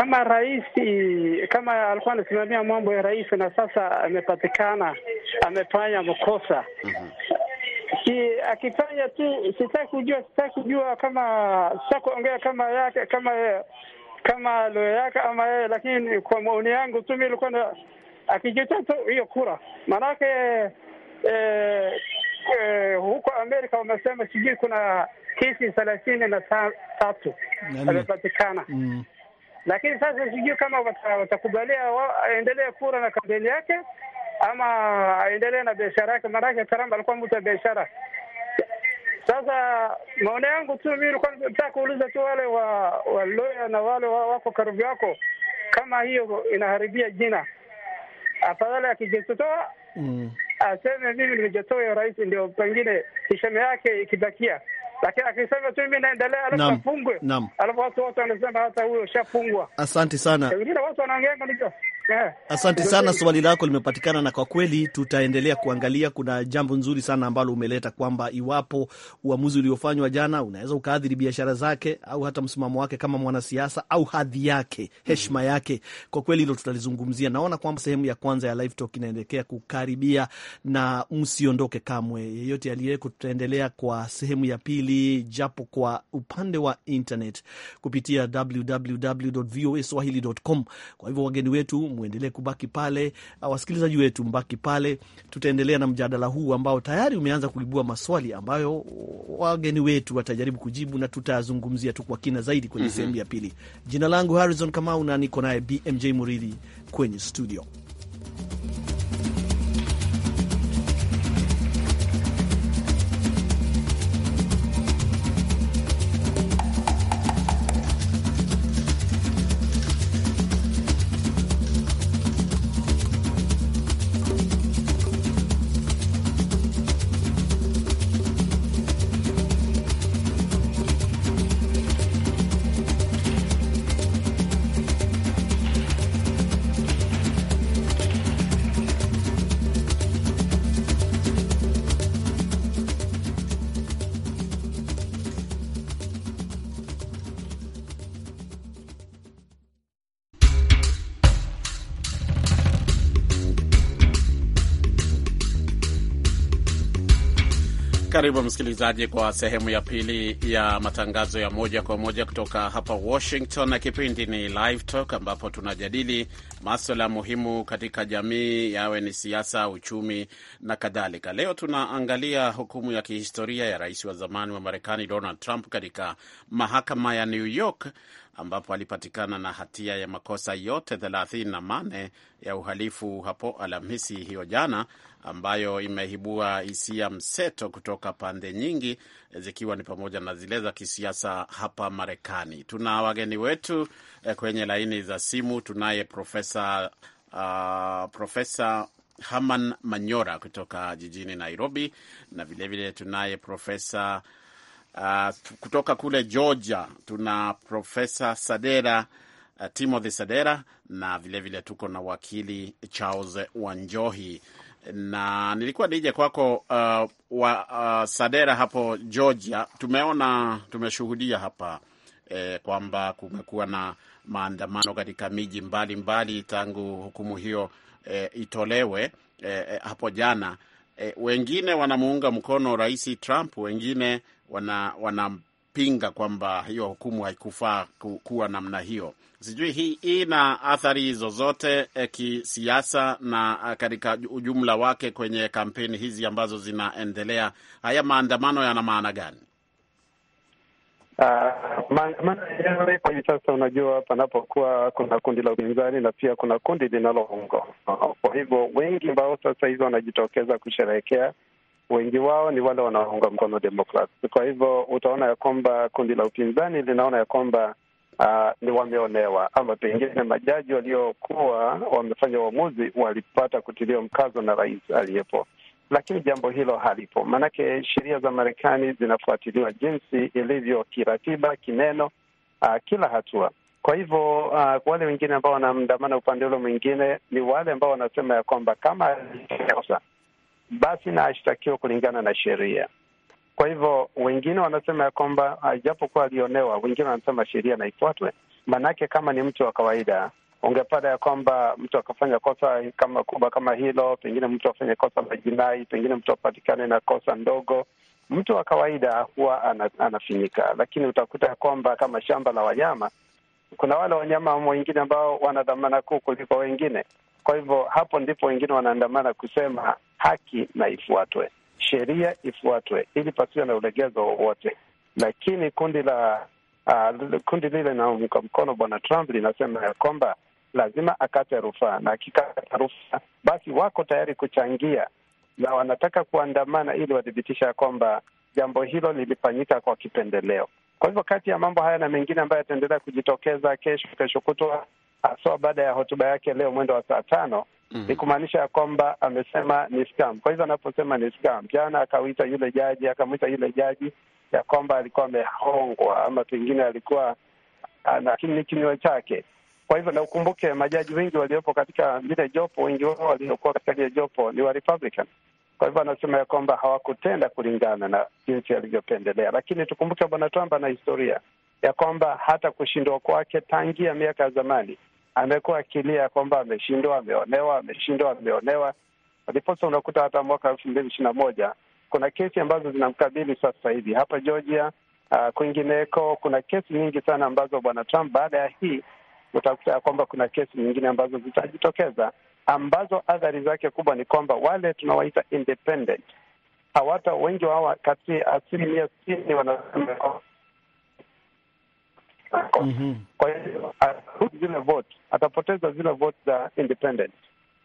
kama rais kama alikuwa anasimamia mambo ya rais na sasa amepatikana amefanya mkosa mm -hmm. Si, akifanya tu sitaki kujua, sitaki kujua kama sitaki kuongea kama yake kama kama leo yake ama yeye, lakini kwa maoni yangu tu mimi nilikuwa na akijitoa tu hiyo kura, maanake eh, eh, huko Amerika wamesema sijui kuna kesi thelathini na tatu amepatikana mm lakini sasa sijui kama watakubalia aendelee kura na kampeni yake ama aendelee na biashara yake. Maanake Karamba alikuwa mtu wa biashara. Sasa maone yangu tu mimi nilikuwa nataka kuuliza tu wale wa waloya na wale wa, wako karibu yako, kama hiyo inaharibia jina, afadhali akijitotoa mm, aseme mimi nimejitoa ya rais, ndio pengine heshima yake ikibakia lakini akisema tu mimi naendelea, alafu afungwe, alafu watu wote wanasema hata huyo shafungwa. Asante sana, wengine watu wanaongea Asante sana, swali lako limepatikana, na kwa kweli tutaendelea kuangalia. Kuna jambo nzuri sana ambalo umeleta kwamba iwapo uamuzi uliofanywa jana unaweza ukaathiri biashara zake au hata msimamo wake kama mwanasiasa au hadhi yake, heshima yake. Kwa kweli hilo tutalizungumzia. Naona kwamba sehemu ya kwanza ya Live Talk inaendelea kukaribia, na msiondoke kamwe, yeyote aliyeko. Tutaendelea kwa sehemu ya pili, japo kwa upande wa internet kupitia www.voaswahili.com. Kwa hivyo wageni wetu mwendelee kubaki pale, uh, wasikilizaji wetu mbaki pale, tutaendelea na mjadala huu ambao tayari umeanza kuibua maswali ambayo wageni wetu watajaribu kujibu na tutayazungumzia tu kwa kina zaidi kwenye mm -hmm. sehemu ya pili. Jina langu Harrison Kamau na niko naye BMJ Muridhi kwenye studio. Karibu msikilizaji, kwa sehemu ya pili ya matangazo ya moja kwa moja kutoka hapa Washington, na kipindi ni Live Talk ambapo tunajadili maswala muhimu katika jamii, yawe ni siasa, uchumi na kadhalika. Leo tunaangalia hukumu ya kihistoria ya rais wa zamani wa Marekani Donald Trump katika mahakama ya New York ambapo alipatikana na hatia ya makosa yote 38 ya uhalifu hapo Alhamisi hiyo jana, ambayo imeibua hisia mseto kutoka pande nyingi, zikiwa ni pamoja na zile za kisiasa hapa Marekani. Tuna wageni wetu eh, kwenye laini za simu. Tunaye profesa uh, profesa Haman Manyora kutoka jijini Nairobi, na vilevile tunaye profesa Uh, kutoka kule Georgia tuna Profesa Sadera uh, Timothy Sadera na vilevile vile tuko na wakili Charles Wanjohi na nilikuwa nije kwako uh, wa, uh, Sadera hapo Georgia. Tumeona tumeshuhudia hapa eh, kwamba kumekuwa na maandamano katika miji mbalimbali tangu hukumu hiyo eh, itolewe eh, eh hapo jana eh, wengine wanamuunga mkono Rais Trump, wengine wana wanampinga kwamba hiyo hukumu haikufaa kuwa namna hiyo. Sijui hii na athari zozote e, kisiasa na eh, katika ujumla wake kwenye kampeni hizi ambazo zinaendelea. Haya maandamano yana maana gani? Ah, maandamano sasa, unajua, panapokuwa kuna kundi la upinzani na pia kuna kundi linaloungwa, kwa hivyo wengi ambao sasa hivi wanajitokeza kusherehekea wengi wao ni wale wanaounga mkono Demokrat. Kwa hivyo utaona ya kwamba kundi la upinzani linaona ya kwamba Uh, ni wameonewa ama pengine majaji waliokuwa wamefanya uamuzi walipata kutilia mkazo na rais aliyepo, lakini jambo hilo halipo, maanake sheria za Marekani zinafuatiliwa jinsi ilivyo kiratiba, kineno, uh, kila hatua. Kwa hivyo uh, wale wengine ambao wanamdamana upande ule mwingine ni wale ambao wanasema ya kwamba kama alikosa basi na kulingana na sheria. Kwa hivyo wengine wanasema ya kwamba ah, ijapokuwa alionewa, wengine wanasema sheria naifuatwe maanake kama ni mtu wa kawaida ungepata ya kwamba mtu akafanya kosa kama kubwa kama hilo, pengine mtu afanye kosa la jinai, pengine mtu apatikane na kosa ndogo. Mtu wa kawaida huwa anafinyika, lakini utakuta ya kwamba kama shamba la wanyama, kuna wale wanyama wengine ambao wana dhamana kuu kuliko wengine. Kwa hivyo hapo ndipo wengine wanaandamana kusema haki na ifuatwe, sheria ifuatwe, ili pasiwe na ulegezo wowote. Lakini kundi la uh, kundi lile linaunga mkono bwana Trump linasema ya kwamba lazima akate rufaa, na akikata rufaa basi wako tayari kuchangia na wanataka kuandamana ili wathibitisha ya kwamba jambo hilo lilifanyika kwa kipendeleo. Kwa hivyo kati ya mambo haya na mengine ambayo yataendelea kujitokeza kesho, kesho kutwa, haswa baada ya hotuba yake leo mwendo wa saa tano mm -hmm. ni kumaanisha ya kwamba amesema ni scam. Kwa hivyo anaposema ni scam, jana akawita yule jaji, akamwita yule jaji ya kwamba alikuwa amehongwa ama pengine alikuwa ni kinywa chake. Kwa hivyo na ukumbuke majaji wengi waliopo katika lile jopo, wengi wao waliokuwa katika lile jopo ni wa Republican. Kwa hivyo anasema ya kwamba hawakutenda kulingana na jinsi alivyopendelea, lakini tukumbuke bwana Trump ana historia ya kwamba hata kushindwa kwake tangia miaka ya zamani amekuwa akilia kwamba ameshindwa, ameonewa, ameshindwa, ameonewa. Ndiposa unakuta hata mwaka elfu mbili ishirini na moja kuna kesi ambazo zinamkabili sasa hivi hapa Georgia, uh, kwingineko. Kuna kesi nyingi sana ambazo bwana Trump, baada ya hii utakuta ya kwamba kuna kesi nyingine ambazo zitajitokeza ambazo athari zake kubwa ni kwamba wale tunawaita independent hawata wengi wao, kati asilimia sitini wanasema Mm-hmm. Kwa hiyo zile uh, vote, atapoteza zile vote za independent,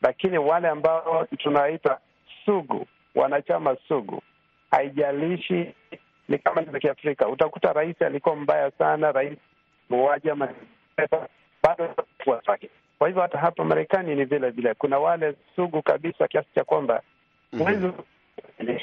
lakini wale ambao tunaita sugu, wanachama sugu, haijalishi ni kama ni za Kiafrika, utakuta rais alikuwa mbaya sana, rais muuaji ama bado wake. Kwa hivyo hata hapa Marekani ni vile vile, kuna wale sugu kabisa kiasi cha kwamba wezi mm-hmm.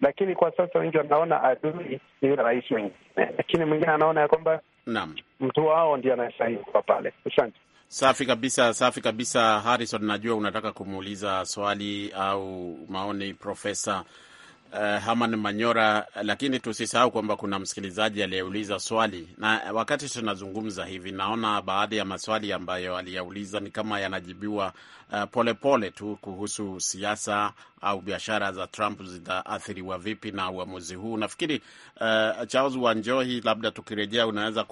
Lakini kwa sasa wengi wanaona adui ni yule rais mwingine, lakini mwingine anaona ya kwamba Naam, mtu wao ndiye anayestahili kuwa pale. Asante. Safi kabisa, safi kabisa. Harrison, najua unataka kumuuliza swali au maoni profesa uh, eh, Haman Manyora, lakini tusisahau kwamba kuna msikilizaji aliyeuliza swali, na wakati tunazungumza hivi naona baadhi ya maswali ambayo aliyauliza ni kama yanajibiwa polepole eh, uh, pole tu kuhusu siasa au biashara za Trump zitaathiriwa vipi na uamuzi huu. Nafikiri uh, Charles Wanjohi, labda tukirejea, unaweza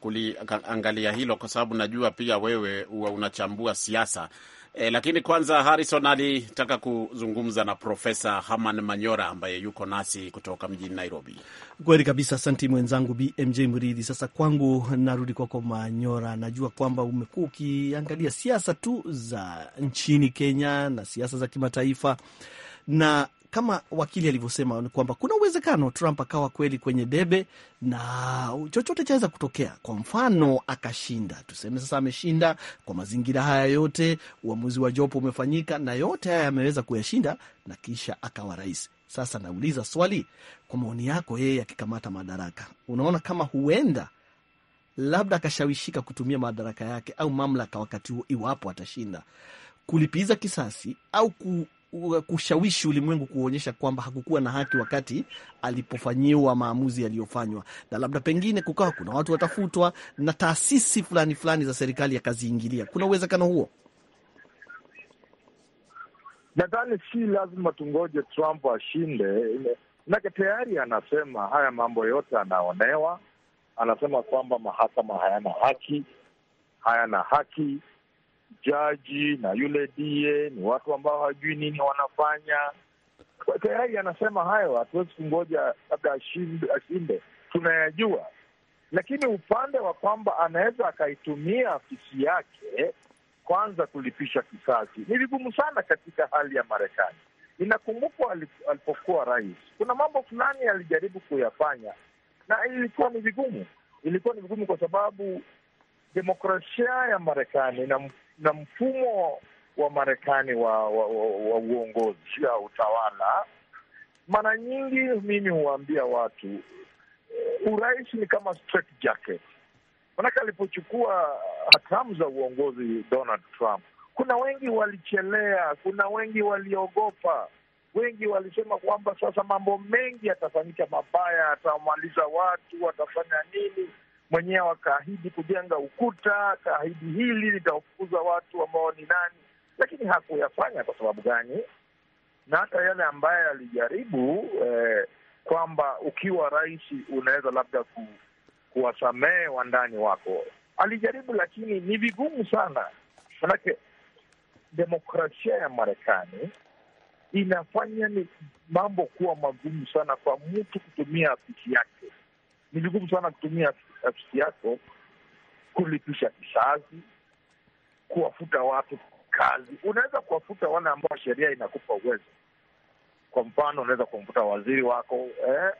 kuliangalia hilo, kwa sababu najua pia wewe huwa unachambua siasa E, lakini kwanza Harrison alitaka kuzungumza na Profesa Haman Manyora ambaye yuko nasi kutoka mjini Nairobi. Kweli kabisa, asanti mwenzangu BMJ Mridhi. Sasa kwangu narudi kwako kwa Manyora, najua kwamba umekuwa ukiangalia siasa tu za nchini Kenya na siasa za kimataifa na kama wakili alivyosema ni kwamba kuna uwezekano Trump akawa kweli kwenye debe na chochote chaweza kutokea. Kwa mfano akashinda, tuseme sasa ameshinda kwa mazingira haya yote, uamuzi wa jopo umefanyika na yote haya ameweza kuyashinda na kisha akawa rais. Sasa nauliza swali, kwa maoni yako, yeye akikamata madaraka, unaona kama huenda labda akashawishika kutumia madaraka yake au mamlaka wakati huo, iwapo atashinda, kulipiza kisasi au kushawishi ulimwengu kuonyesha kwamba hakukuwa na haki wakati alipofanyiwa maamuzi yaliyofanywa, na labda pengine kukawa kuna watu watafutwa na taasisi fulani fulani za serikali yakaziingilia. Kuna uwezekano huo? Nadhani si lazima tungoje Trump ashinde, manake tayari anasema haya mambo yote anaonewa. Anasema kwamba mahakama hayana haki, hayana haki jaji na yule die ni watu ambao hawajui nini wanafanya. Tayari anasema hayo, hatuwezi kungoja labda ashinde, tunayajua. Lakini upande wa kwamba anaweza akaitumia afisi yake kwanza kulipisha kisasi ni vigumu sana katika hali ya Marekani. Inakumbukwa alipokuwa rais, kuna mambo fulani alijaribu kuyafanya na ilikuwa ni vigumu, ilikuwa ni vigumu kwa sababu demokrasia ya Marekani na mfumo wa Marekani wa, wa, wa, wa uongozi a utawala. Mara nyingi mimi huwaambia watu eh, urais ni kama straitjacket, manake alipochukua hatamu za uongozi Donald Trump, kuna wengi walichelea, kuna wengi waliogopa, wengi walisema kwamba sasa mambo mengi yatafanyika mabaya, atamaliza watu, watafanya nini mwenyewe akaahidi kujenga ukuta, akaahidi hili litawafukuza watu ambao ni nani, lakini hakuyafanya. Kwa sababu gani? Na hata yale ambaye alijaribu eh, kwamba ukiwa rais unaweza labda ku, kuwasamehe wandani wako, alijaribu, lakini ni vigumu sana, manake demokrasia ya Marekani inafanya ni mambo kuwa magumu sana kwa mtu kutumia afisi yake. Ni vigumu sana kutumia nafsi yako kulipisha kisasi, kuwafuta watu kazi. Unaweza kuwafuta wale ambao sheria inakupa uwezo. Kwa mfano, unaweza kumfuta waziri wako eh,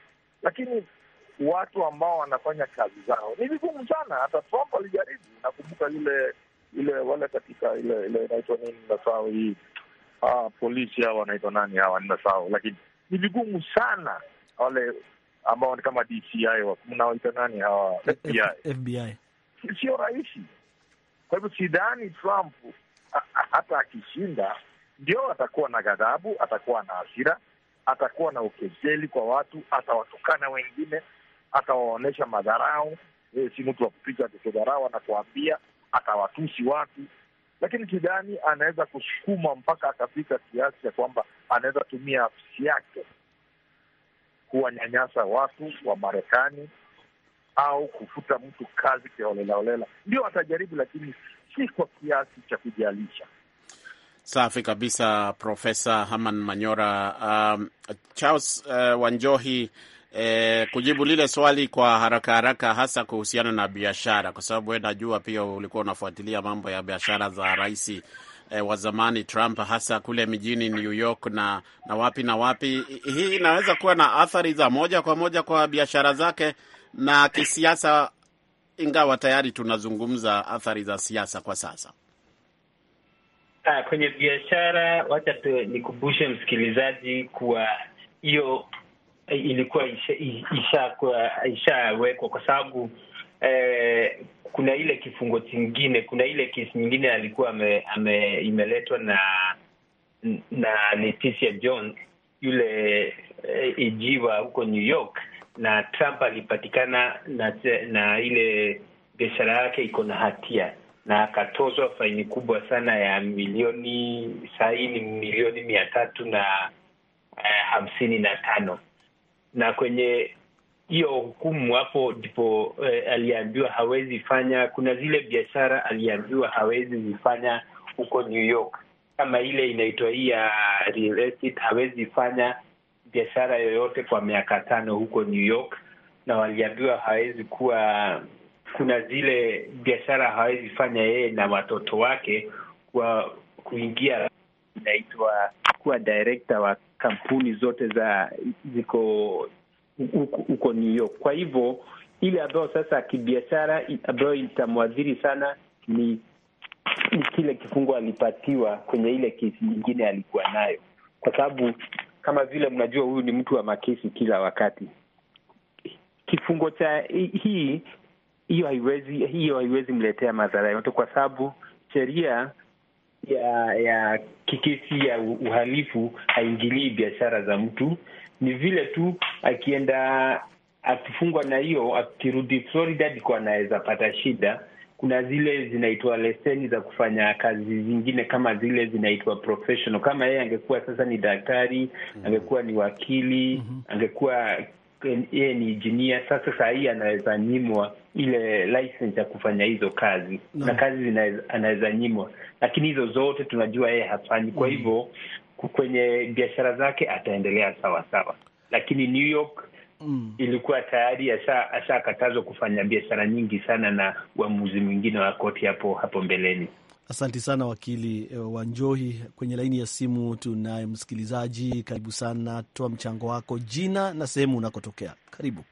lakini watu ambao wanafanya kazi zao ni vigumu sana. Hata Trump alijaribu, nakumbuka ile ile wale katika ile ile inaitwa nini, nasahau hii ah, polisi hawa wanaitwa nani hawa, ninasahau, lakini ni vigumu sana wale ambao ni kama DCI mnawaita nani hawa, FBI, FBI sio rahisi. Kwa hivyo sidhani Trump hata akishinda, ndio atakuwa na ghadhabu, atakuwa na hasira, atakuwa na ukejeli kwa watu, atawatukana wengine, atawaonyesha madharau. E, si mtu wa kupiga kudharau, anakuambia, atawatusi watu, lakini sidhani anaweza kusukuma mpaka akafika kiasi cha kwamba anaweza tumia afisi yake kuwanyanyasa watu wa Marekani au kufuta mtu kazi kiolelaolela. Ndio watajaribu, lakini si kwa kiasi cha kujalisha. Safi kabisa, Profesa Haman Manyora. Um, Charles uh, Wanjohi, eh, kujibu lile swali kwa haraka haraka, hasa kuhusiana na biashara, kwa sababu we najua pia ulikuwa unafuatilia mambo ya biashara za raisi eh, wa zamani Trump, hasa kule mjini New York na, na wapi na wapi. Hii inaweza kuwa na athari za moja kwa moja kwa biashara zake na kisiasa, ingawa tayari tunazungumza athari za siasa kwa sasa. Ah, kwenye biashara, wacha nikumbushe msikilizaji kuwa hiyo eh, ilikuwa ishawekwa isha, isha kwa sababu eh, kuna ile kifungo chingine, kuna ile kesi nyingine alikuwa ame, ame, imeletwa na na Leticia Jones yule eh, ijiwa e huko New York, na Trump alipatikana na, na ile biashara yake iko na hatia na akatozwa faini kubwa sana ya milioni saini milioni mia tatu na eh, hamsini na tano na kwenye hiyo hukumu, hapo ndipo eh, aliambiwa hawezi fanya. Kuna zile biashara aliambiwa hawezi zifanya huko New York, kama ile inaitwa hii ya real estate, hawezi fanya biashara yoyote kwa miaka tano huko New York, na waliambiwa hawezi kuwa, kuna zile biashara hawezi fanya yeye na watoto wake kwa kuingia inaitwa kuwa director wa kampuni zote za ziko huko New York. Kwa hivyo ile ambayo sasa kibiashara ambayo itamwadhiri sana ni ni kile kifungo alipatiwa kwenye ile kesi nyingine alikuwa nayo, kwa sababu kama vile mnajua, huyu ni mtu wa makesi kila wakati. Kifungo cha hii hiyo haiwezi hiyo haiwezi mletea madhara yote, kwa sababu sheria ya ya kikesi ya uhalifu haingilii biashara za mtu, ni vile tu akienda akifungwa na hiyo, akirudi Florida ndiko anaweza pata shida. Kuna zile zinaitwa leseni za kufanya kazi zingine kama zile zinaitwa professional. Kama yeye angekuwa sasa ni daktari, mhm. angekuwa ni wakili, mhm. angekuwa yeye ni injinia, sasa saa hii anaweza nyimwa ile license ya kufanya hizo kazi no. na mhm. kazi anaweza nyimwa, lakini hizo zote tunajua yeye hafanyi. Kwa hivyo kwenye biashara zake ataendelea sawa sawa, lakini New York mm. ilikuwa tayari ashakatazwa kufanya biashara nyingi sana na uamuzi mwingine wa koti hapo hapo mbeleni. asanti sana wakili eh, wa Njohi. Kwenye laini ya simu tunaye msikilizaji. Karibu sana, toa mchango wako, jina na sehemu unakotokea. Karibu.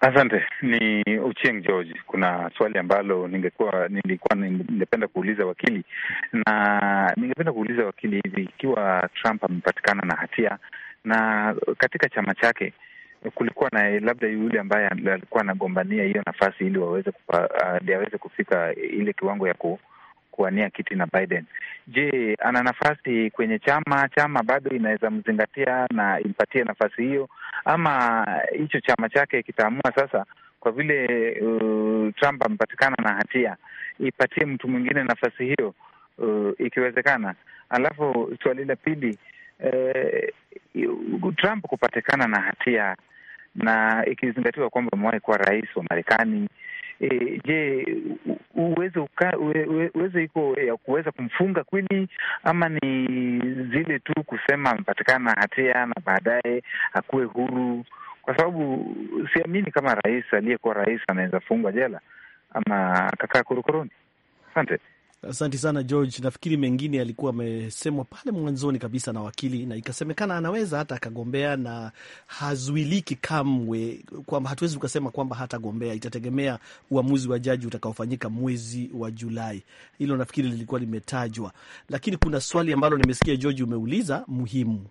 Asante. Ni Uchieng George. Kuna swali ambalo ningekuwa nilikuwa ningependa kuuliza wakili, na ningependa kuuliza wakili hivi, ikiwa Trump amepatikana na hatia na katika chama chake kulikuwa na labda yule ambaye alikuwa anagombania hiyo nafasi ili waweze kupa, uh, aweze kufika ile kiwango ya ku, kuwania kiti na Biden. Je, ana nafasi kwenye chama? Chama bado inaweza mzingatia na impatie nafasi hiyo, ama hicho chama chake kitaamua sasa kwa vile uh, Trump amepatikana na hatia, ipatie mtu mwingine nafasi hiyo uh, ikiwezekana. Alafu swali la pili, uh, Trump kupatikana na hatia na ikizingatiwa kwamba amewahi kuwa rais wa Marekani. E, je, uwezo uwe, iko ya kuweza kumfunga kweli, ama ni zile tu kusema amepatikana hatia na baadaye akuwe huru? Kwa sababu siamini kama rais aliyekuwa rais anaweza fungwa jela ama akakaa korokoroni. Asante. Asante sana George. Nafikiri mengine yalikuwa amesemwa pale mwanzoni kabisa na wakili, na ikasemekana anaweza hata akagombea na hazuiliki kamwe, kwamba hatuwezi tukasema kwamba hatagombea. Itategemea uamuzi wa jaji utakaofanyika mwezi wa Julai. Hilo nafikiri lilikuwa limetajwa, lakini kuna swali ambalo nimesikia George umeuliza muhimu,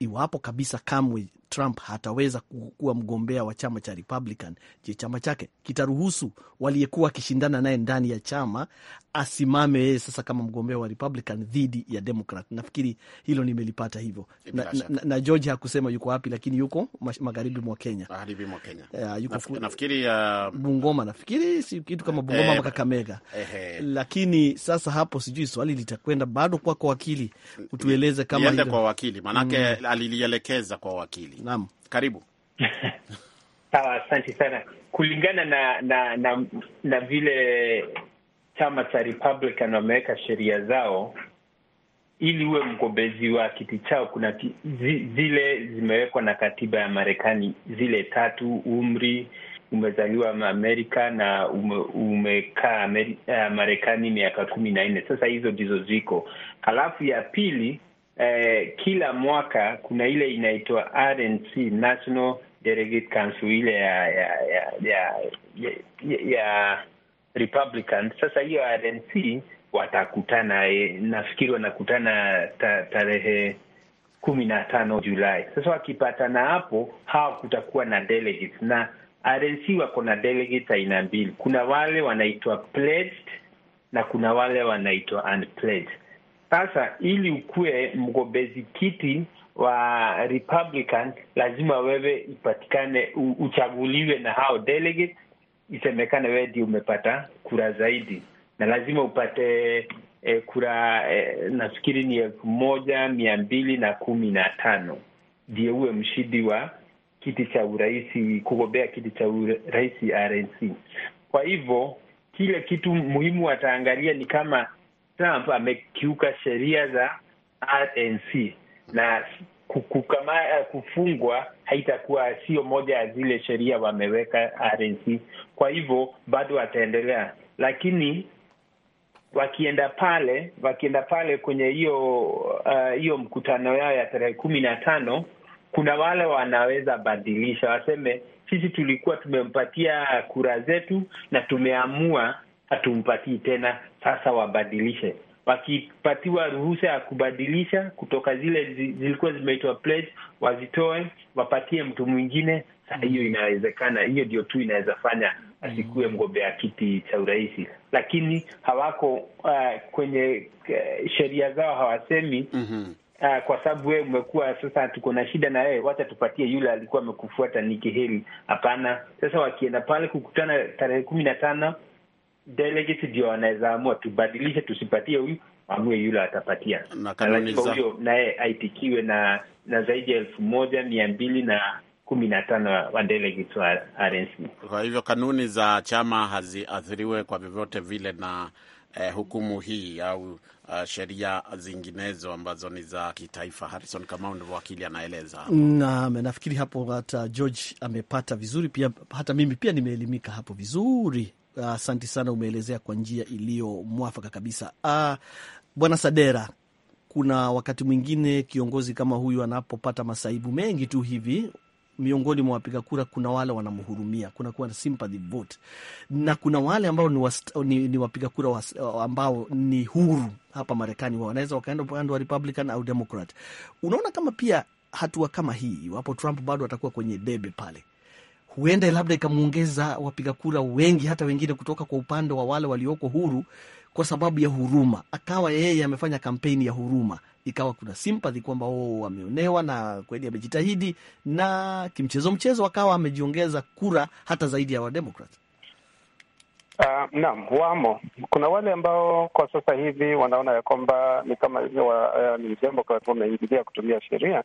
iwapo kabisa kamwe Trump hataweza kuwa mgombea wa chama cha Republican, je, chama chake kitaruhusu waliyekuwa akishindana naye ndani ya chama asimame yeye sasa kama mgombea wa Republican dhidi ya Democrat? Nafikiri hilo nimelipata hivyo eh, na, na, na, na George hakusema yuko wapi, lakini yuko magharibi mwa Kenya, magharibi mwa Kenya. Uh, yuko nafikiri, nafikiri, uh, Bungoma nafikiri si kitu kama Bungoma eh, Kakamega eh, lakini sasa hapo sijui swali litakwenda bado kwako wakili, utueleze kama kwa wakili manake mm, alilielekeza kwa wakili Naam, karibu. Sawa, asante sana. Kulingana na na na, na vile chama cha Republican wameweka sheria zao ili uwe mgombezi wa kiti chao, kuna zile zimewekwa na katiba ya Marekani, zile tatu: umri, umezaliwa Amerika na ume, umekaa eh, Marekani miaka kumi na nne. Sasa hizo ndizo ziko, halafu ya pili eh, kila mwaka kuna ile inaitwa RNC, National Delegate Council, ile ya ya ya ya, ya, ya Republican. Sasa hiyo RNC watakutana eh, nafikiri wanakutana ta, tarehe kumi na tano Julai. Sasa wakipatana hapo, hawa kutakuwa na delegates na RNC wako na delegates aina mbili, kuna wale wanaitwa pledged na kuna wale wanaitwa unpledged. Sasa ili ukuwe mgombezi kiti wa Republican, lazima wewe ipatikane, uchaguliwe na hao delegate, isemekane wewe ndio umepata kura zaidi, na lazima upate e, kura e, nafikiri ni elfu moja mia mbili na kumi na tano ndio uwe mshindi wa kiti cha uraisi, kugombea kiti cha uraisi RNC. Kwa hivyo kile kitu muhimu wataangalia ni kama Trump amekiuka sheria za RNC na kukama, kufungwa haitakuwa sio moja ya zile sheria wameweka RNC. Kwa hivyo bado wataendelea, lakini wakienda pale wakienda pale kwenye hiyo uh, hiyo uh, mkutano yao ya tarehe kumi na tano kuna wale wanaweza badilisha, waseme sisi tulikuwa tumempatia kura zetu na tumeamua hatumpatii tena, sasa wabadilishe. Wakipatiwa ruhusa ya kubadilisha kutoka zile zilikuwa zimeitwa pledge, wazitoe wapatie mtu mwingine. Sasa hiyo mm. inawezekana, hiyo ndio tu inaweza fanya mm. asikuwe mgombea kiti cha urais, lakini hawako uh, kwenye uh, sheria zao hawasemi mm -hmm. Uh, kwa sababu wewe umekuwa sasa, tuko na shida na wewe, wacha tupatie yule alikuwa amekufuata Nikki Haley. Hapana, sasa wakienda pale kukutana tarehe kumi na tano delegates ndio wanaweza amua, tubadilishe, tusipatie huyu, amue yule atapatia, na huyo naye aitikiwe na na zaidi ya elfu moja mia mbili na kumi na tano wa delegates wa RNC. Kwa hivyo kanuni za chama haziathiriwe kwa vyovyote vile na eh, hukumu hii au Uh, sheria zinginezo ambazo ni za kitaifa. Harrison Kamau ndio wakili anaeleza hapo. nafikiri hapo hata George amepata vizuri pia, hata mimi pia nimeelimika hapo vizuri Asante uh, sana, umeelezea kwa njia iliyo mwafaka kabisa. Uh, Bwana Sadera, kuna wakati mwingine kiongozi kama huyu anapopata masaibu mengi tu hivi miongoni mwa wapiga kura, kuna wale wanamhurumia, kunakuwa na sympathy vote, na kuna wale ambao ni, ni, ni wapiga kura was, ambao ni huru hapa Marekani, wanaweza wakaenda upande wa Republican au Democrat. Unaona kama pia hatua kama hii, iwapo Trump bado atakuwa kwenye debe pale, huenda labda ikamwongeza wapiga kura wengi, hata wengine kutoka kwa upande wa wale walioko huru, kwa sababu ya huruma, akawa yeye amefanya kampeni ya huruma, ikawa kuna sympathy kwamba oo, oh, ameonewa na kweli amejitahidi, na kimchezo mchezo akawa amejiongeza kura hata zaidi ya Wademokrat. Uh, ah, naam, wamo kuna wale ambao kwa sasa hivi wanaona ya kwamba ni kama eh, ni Democrat wameingilia kutumia sheria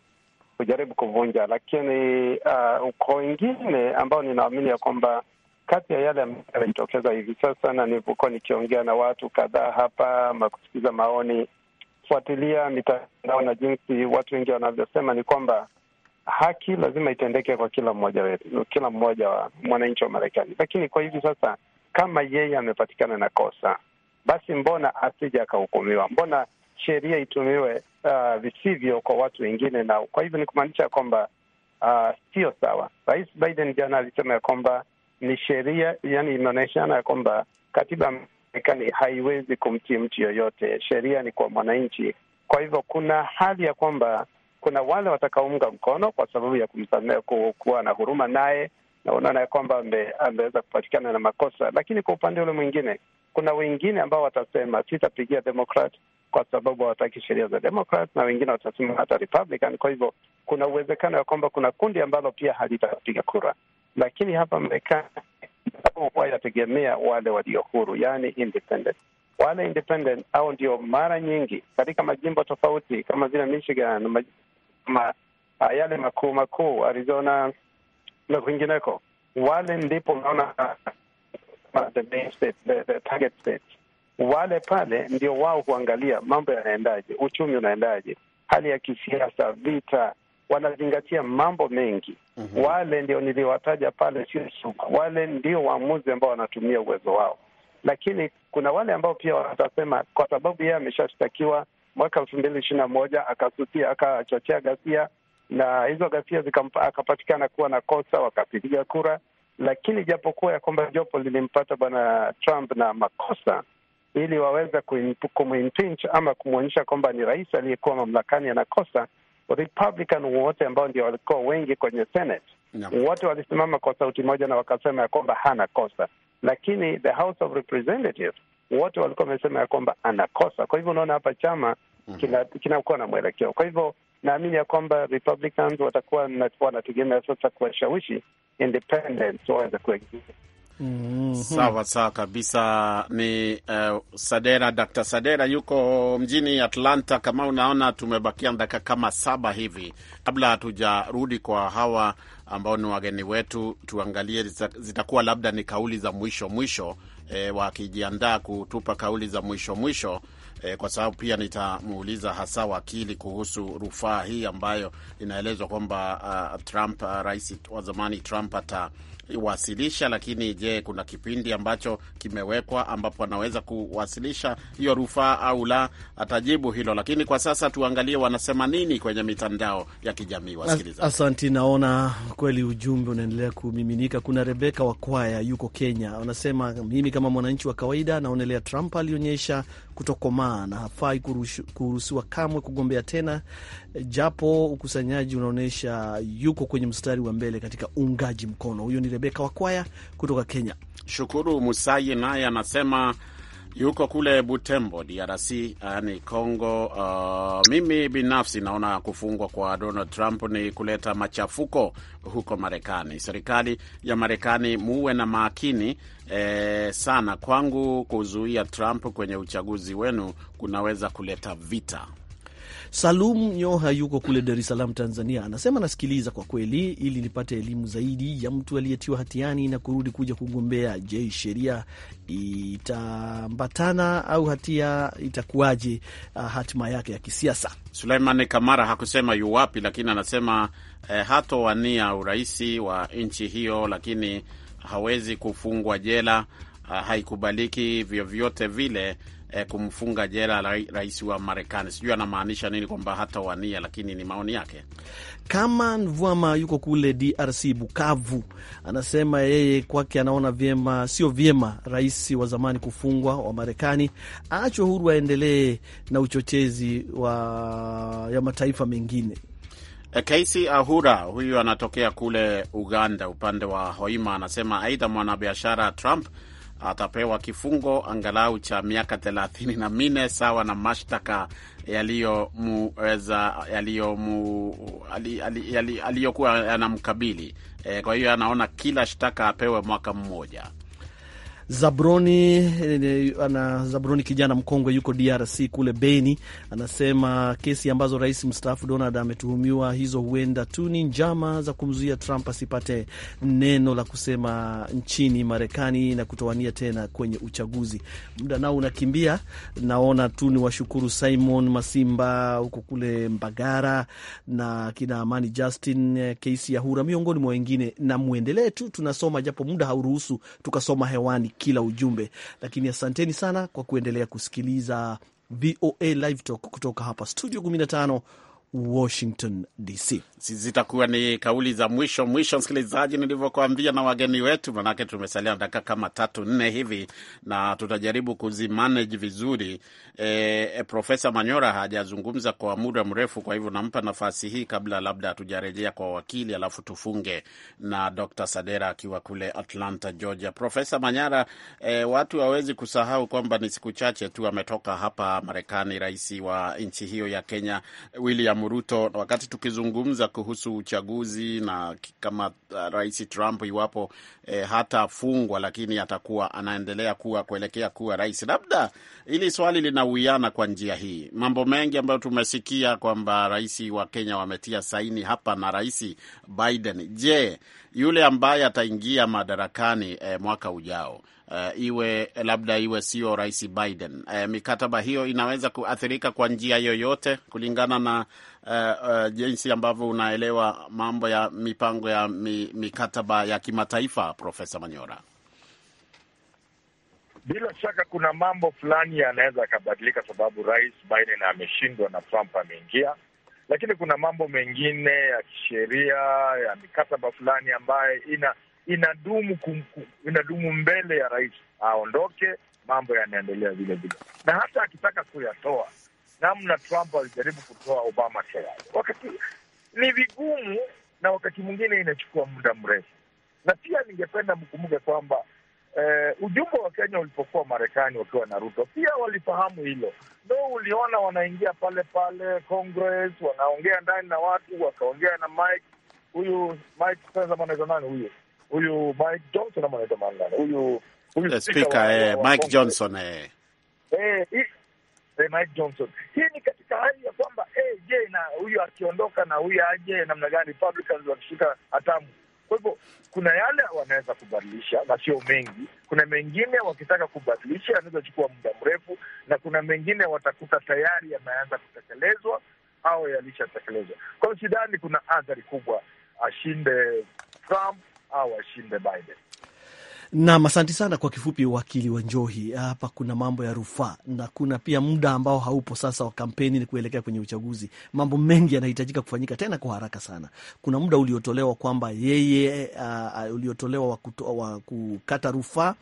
kujaribu kuvunja, lakini uh, kwa wengine ambao ninaamini ya kwamba kati ya yale ambayo yamejitokeza hivi sasa, na nilivyokuwa nikiongea na watu kadhaa hapa ama kusikiza maoni, kufuatilia mitandao na jinsi watu wengi wanavyosema, ni kwamba haki lazima itendeke kwa kila mmoja wetu, kila mmoja wa mwananchi wa Marekani. Lakini kwa hivi sasa, kama yeye amepatikana na kosa, basi mbona asije akahukumiwa? Mbona sheria itumiwe uh, visivyo kwa watu wengine, na kwa hivyo ni kumaanisha kwamba uh, sio sawa. Rais Biden jana alisema ya kwamba ni sheria, yani imeonyeshana ya kwamba katiba Marekani haiwezi kumtii mtu yoyote, sheria ni kwa mwananchi. Kwa hivyo kuna hali ya kwamba kuna wale watakaounga mkono kwa sababu ya kumsamea, kuwa na huruma naye na unaona ya kwamba ameweza kupatikana na makosa, lakini kwa upande ule mwingine kuna wengine ambao watasema sitapigia Demokrat, kwa sababu hawataki sheria za Democrat na wengine watasema hata Republican. Kwa hivyo kuna uwezekano ya kwamba kuna kundi ambalo pia halitapiga kura, lakini hapa Marekani inategemea wale walio huru, yani independent. Wale independent au ndio mara nyingi katika majimbo tofauti kama vile Michigan, ma... Ah, yale makuu makuu, Arizona na kwingineko, wale ndipo unaona ah, the main state, the, the target wale pale ndio wao huangalia mambo yanaendaje, uchumi unaendaje, hali ya kisiasa, vita, wanazingatia mambo mengi mm -hmm. Wale ndio niliwataja pale, sio Suma, wale ndio waamuzi ambao wanatumia uwezo wao, lakini kuna wale ambao pia watasema kwa sababu yeye ameshashtakiwa mwaka elfu mbili ishirini na moja akasusia, akachochea ghasia na hizo ghasia akapatikana kuwa na kosa, wakapiga kura. Lakini japokuwa ya kwamba jopo lilimpata bwana Trump na makosa ili waweze kumimpicha ama kumwonyesha kwamba ni rais aliyekuwa mamlakani anakosa. Republican wote ambao ndio walikuwa wengi kwenye Senate wote walisimama kwa sauti moja na wakasema ya kwamba hana kosa, lakini the House of Representatives wote walikuwa wamesema ya kwamba anakosa. Kwa hivyo unaona hapa chama mhm. kinakuwa kina na mwelekeo. Kwa hivyo naamini ya kwamba Republicans watakuwa wanategemea sasa kuwashawishi independents waweze kuingia Mm -hmm. Sawa sawa kabisa. Ni uh, Sadera, Dr. Sadera yuko mjini Atlanta. Kama unaona tumebakia dakika kama saba hivi kabla hatujarudi kwa hawa ambao ni wageni wetu, tuangalie zitakuwa labda ni kauli za mwisho mwisho, eh, wakijiandaa kutupa kauli za mwisho mwisho eh, kwa sababu pia nitamuuliza hasa wakili kuhusu rufaa hii ambayo inaelezwa kwamba uh, Trump uh, rais wa zamani Trump ata kuwasilisha, lakini je, kuna kipindi ambacho kimewekwa ambapo anaweza kuwasilisha hiyo rufaa au la? Atajibu hilo, lakini kwa sasa tuangalie wanasema nini kwenye mitandao ya kijamii. Wasikilizaji, asanti. Naona kweli ujumbe unaendelea kumiminika. Kuna Rebeka Wakwaya yuko Kenya, anasema mimi kama mwananchi wa kawaida naonelea Trump alionyesha kutokomaa na hafai kuruhusiwa kamwe kugombea tena, japo ukusanyaji unaonyesha yuko kwenye mstari wa mbele katika uungaji mkono. Huyo ni Rebeka Wakwaya kutoka Kenya. Shukuru Musayi naye anasema yuko kule Butembo, DRC, yani eh, Congo. Uh, eh, mimi binafsi naona kufungwa kwa Donald Trump ni kuleta machafuko huko Marekani. Serikali ya Marekani muwe na makini eh, sana. Kwangu kuzuia Trump kwenye uchaguzi wenu kunaweza kuleta vita. Salum Nyoha yuko kule Dar es Salaam, Tanzania, anasema nasikiliza kwa kweli, ili nipate elimu zaidi ya mtu aliyetiwa hatiani na kurudi kuja kugombea. Je, sheria itambatana au hatia itakuwaje ah, hatima yake ya kisiasa? Suleiman Kamara hakusema yu wapi lakini anasema eh, hatowania uraisi wa nchi hiyo, lakini hawezi kufungwa jela. Ah, haikubaliki vyovyote vile eh, kumfunga jela rais wa Marekani. Sijui anamaanisha nini kwamba hata wania, lakini ni maoni yake. Kama Nvwama yuko kule DRC Bukavu, anasema yeye kwake anaona vyema, sio vyema rais wa zamani kufungwa wa Marekani, aachwe huru, aendelee na uchochezi wa ya mataifa mengine. Eh, Kaisi Ahura huyu anatokea kule Uganda, upande wa Hoima, anasema aidha mwanabiashara Trump atapewa kifungo angalau cha miaka thelathini na minne sawa na mashtaka yaliyomuweza yaliyokuwa yanamkabili. E, kwa hiyo anaona kila shtaka apewe mwaka mmoja. Zabroni eh, eh, ana Zabroni, kijana mkongwe, yuko DRC kule Beni, anasema kesi ambazo rais mstaafu Donald ametuhumiwa hizo huenda tu ni njama za kumzuia Trump asipate neno la kusema nchini Marekani na kutowania tena kwenye uchaguzi. Muda nao unakimbia, naona tu ni washukuru Simon Masimba huko kule Mbagara na kina Amani Justin, eh, Kesi Yahura miongoni mwa wengine, na mwendelee tu tunasoma, japo muda hauruhusu tukasoma hewani kila ujumbe. Lakini asanteni sana kwa kuendelea kusikiliza VOA Live Talk kutoka hapa studio 15 Washington DC. Zitakuwa ni kauli za mwisho mwisho, msikilizaji, nilivyokuambia na wageni wetu, manake tumesalia dakika kama tatu nne hivi na tutajaribu kuzimanage vizuri. E, e, Profesa Manyora hajazungumza kwa muda mrefu, kwa hivyo nampa nafasi hii kabla labda hatujarejea kwa wakili, alafu tufunge na Dr. Sadera akiwa kule Atlanta, Georgia. Profesa Manyara, e, watu hawezi kusahau kwamba ni siku chache tu ametoka hapa Marekani rais wa nchi hiyo ya Kenya William William Ruto, na wakati tukizungumza kuhusu uchaguzi na kama uh, rais Trump iwapo e, eh, hatafungwa lakini atakuwa anaendelea kuwa kuelekea kuwa rais, labda hili swali linawiana kwa njia hii. Mambo mengi ambayo tumesikia kwamba rais wa Kenya wametia saini hapa na rais Biden, je, yule ambaye ataingia madarakani eh, mwaka ujao eh, iwe labda iwe sio Rais Biden. eh, mikataba hiyo inaweza kuathirika kwa njia yoyote kulingana na eh, eh, jinsi ambavyo unaelewa mambo ya mipango ya mi, mikataba ya kimataifa Profesa Manyora. Bila shaka kuna mambo fulani yanaweza yakabadilika, sababu Rais Biden ameshindwa na Trump ameingia, lakini kuna mambo mengine ya kisheria ya mikataba fulani ambaye ina inadumu kum, inadumu mbele ya rais aondoke, mambo yanaendelea vile vile, na hata akitaka kuyatoa namna Trump alijaribu kutoa Obama care, wakati ni vigumu na wakati mwingine inachukua muda mrefu, na pia ningependa mkumbuke kwamba Uh, ujumbe wa Kenya ulipokuwa Marekani wakiwa na Ruto pia walifahamu hilo. Ndo uliona wanaingia pale pale Congress, wanaongea ndani na watu, wakaongea na Mike huyu Mike sasa anaitwa nani huyu huyu Mike Johnson ama anaitwa nani huyu huyu speaker eh, Mike Johnson eh. Eh, eh, Mike Johnson. Hii ni katika hali ya kwamba eh, je, na huyu akiondoka na huyu aje namna gani Republicans wakishika hatamu kwa hivyo kuna yale wanaweza kubadilisha na sio mengi. Kuna mengine wakitaka kubadilisha yanaweza chukua muda mrefu, na kuna mengine watakuta tayari yameanza kutekelezwa au yalishatekelezwa. Kwa hiyo sidhani kuna athari kubwa ashinde Trump au ashinde Biden. Nam, asante sana kwa kifupi, wakili wa Njohi. Hapa kuna mambo ya rufaa na kuna pia muda ambao haupo sasa wa kampeni kuelekea kwenye uchaguzi. Mambo mengi yanahitajika kufanyika tena kwa haraka sana. Kuna muda uliotolewa kwamba yeye uh, uh, uliotolewa wa, kuto, wa kukata rufaa,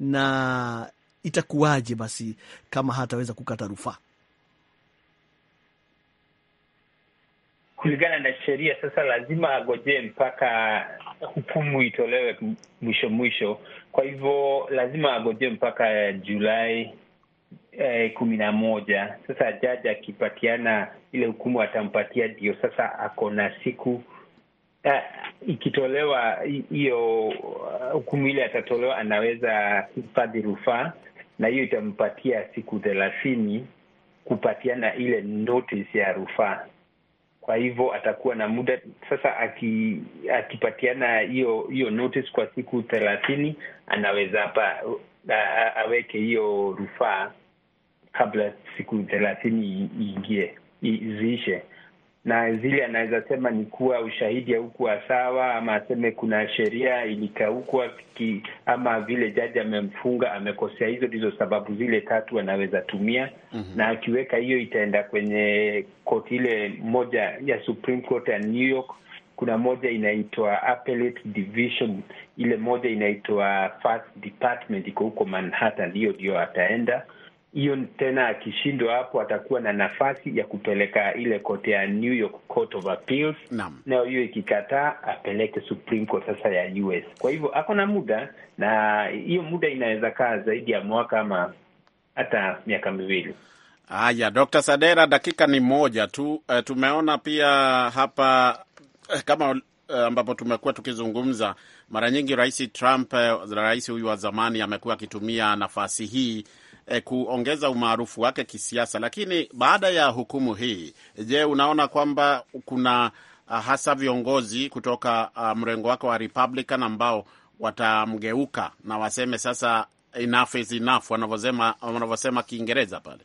na itakuwaje basi kama hataweza kukata rufaa? Kulingana na sheria sasa, lazima agojee mpaka hukumu itolewe mwisho mwisho. Kwa hivyo lazima agojee mpaka eh, Julai eh, kumi na moja. Sasa jaji akipatiana ile hukumu atampatia, ndio sasa ako na siku eh, ikitolewa hiyo uh, hukumu ile atatolewa, anaweza hifadhi rufaa na hiyo itampatia siku thelathini kupatiana ile notice ya rufaa kwa hivyo atakuwa na muda sasa, aki, akipatiana hiyo hiyo notice kwa siku thelathini, anaweza hapa aweke hiyo rufaa kabla siku thelathini iingie ziishe na zile anaweza sema ni kuwa ushahidi haukuwa sawa, ama aseme kuna sheria ilikaukwa ki, ama vile jaji amemfunga amekosea. Hizo ndizo sababu zile tatu anaweza tumia mm -hmm. na akiweka hiyo itaenda kwenye koti ile moja ya Supreme Court ya New York. Kuna moja inaitwa Appellate Division, ile moja inaitwa First Department iko huko Manhattan. Hiyo ndio ataenda hiyo tena akishindwa hapo atakuwa na nafasi ya kupeleka ile kote ya New York Court of Appeals, nayo hiyo ikikataa apeleke Supreme Court sasa ya US. Kwa hivyo ako na muda, na hiyo muda inaweza kaa zaidi ya mwaka ama hata miaka miwili. Haya, Dr. Sadera, dakika ni moja tu. Uh, tumeona pia hapa eh, kama eh, ambapo tumekuwa tukizungumza mara nyingi, Rais Trump, rais huyu wa zamani, amekuwa akitumia nafasi hii eh, kuongeza umaarufu wake kisiasa. Lakini baada ya hukumu hii, je, unaona kwamba kuna ah, hasa viongozi kutoka ah, mrengo wake wa Republican ambao watamgeuka na waseme sasa enough is enough, wanavyosema wanavyosema Kiingereza pale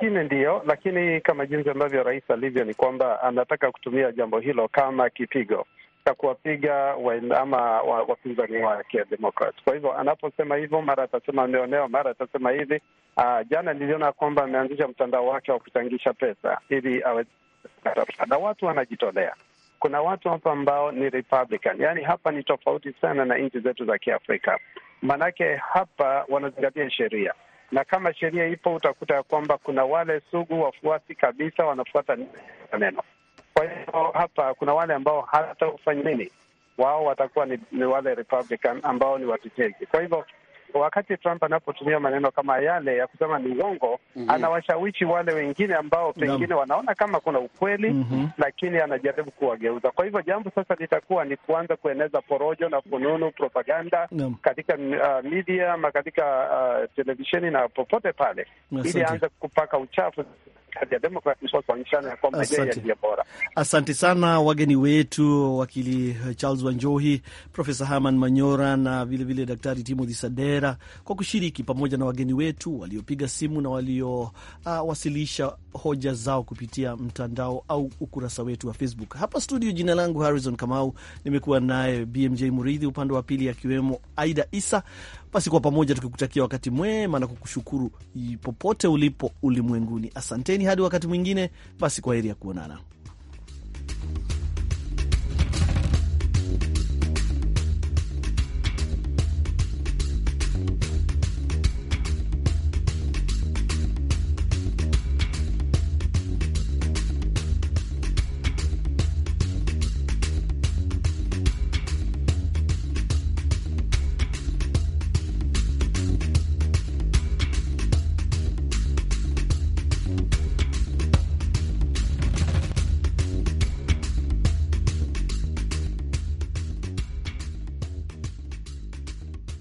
Kine ndiyo, lakini kama jinsi ambavyo rais alivyo ni kwamba anataka kutumia jambo hilo kama kipigo cha kuwapiga ama wapinzani wake Demokrat. Kwa hivyo anaposema hivyo, mara atasema ameonewa, mara atasema hivi. Uh, jana niliona kwamba ameanzisha mtandao wake wa kuchangisha pesa ili aweze na watu wanajitolea. Kuna watu hapa ambao ni Republican, yaani hapa ni tofauti sana na nchi zetu za Kiafrika, maanake hapa wanazingatia sheria na kama sheria ipo utakuta ya kwamba kuna wale sugu wafuasi kabisa wanafuata neno kwa hiyo hapa kuna wale ambao hata kufanya nini, wao watakuwa ni, ni wale Republican ambao ni watetezi. Kwa hivyo wakati Trump anapotumia maneno kama yale ya kusema ni uongo mm -hmm. anawashawishi wale wengine ambao pengine wanaona kama kuna ukweli mm -hmm. lakini anajaribu kuwageuza. Kwa hivyo jambo sasa litakuwa ni kuanza kueneza porojo na fununu, propaganda mm katika uh, media ama katika uh, televisheni na popote pale, ili aanze kupaka uchafu kati ya kuonyeshana ya kwamba yeye ndiye bora. Asante sana wageni wetu, wakili Charles Wanjohi, Profesa Herman Manyora na vilevile Daktari Timothy Sadera kwa kushiriki pamoja na wageni wetu waliopiga simu na waliowasilisha uh, hoja zao kupitia mtandao au ukurasa wetu wa Facebook. Hapa studio, jina langu Harrison Kamau, nimekuwa naye BMJ Muridhi upande wa pili, akiwemo Aida Isa basi kwa pamoja tukikutakia wakati mwema na kukushukuru popote ulipo ulimwenguni. Asanteni hadi wakati mwingine, basi kwa heri ya kuonana.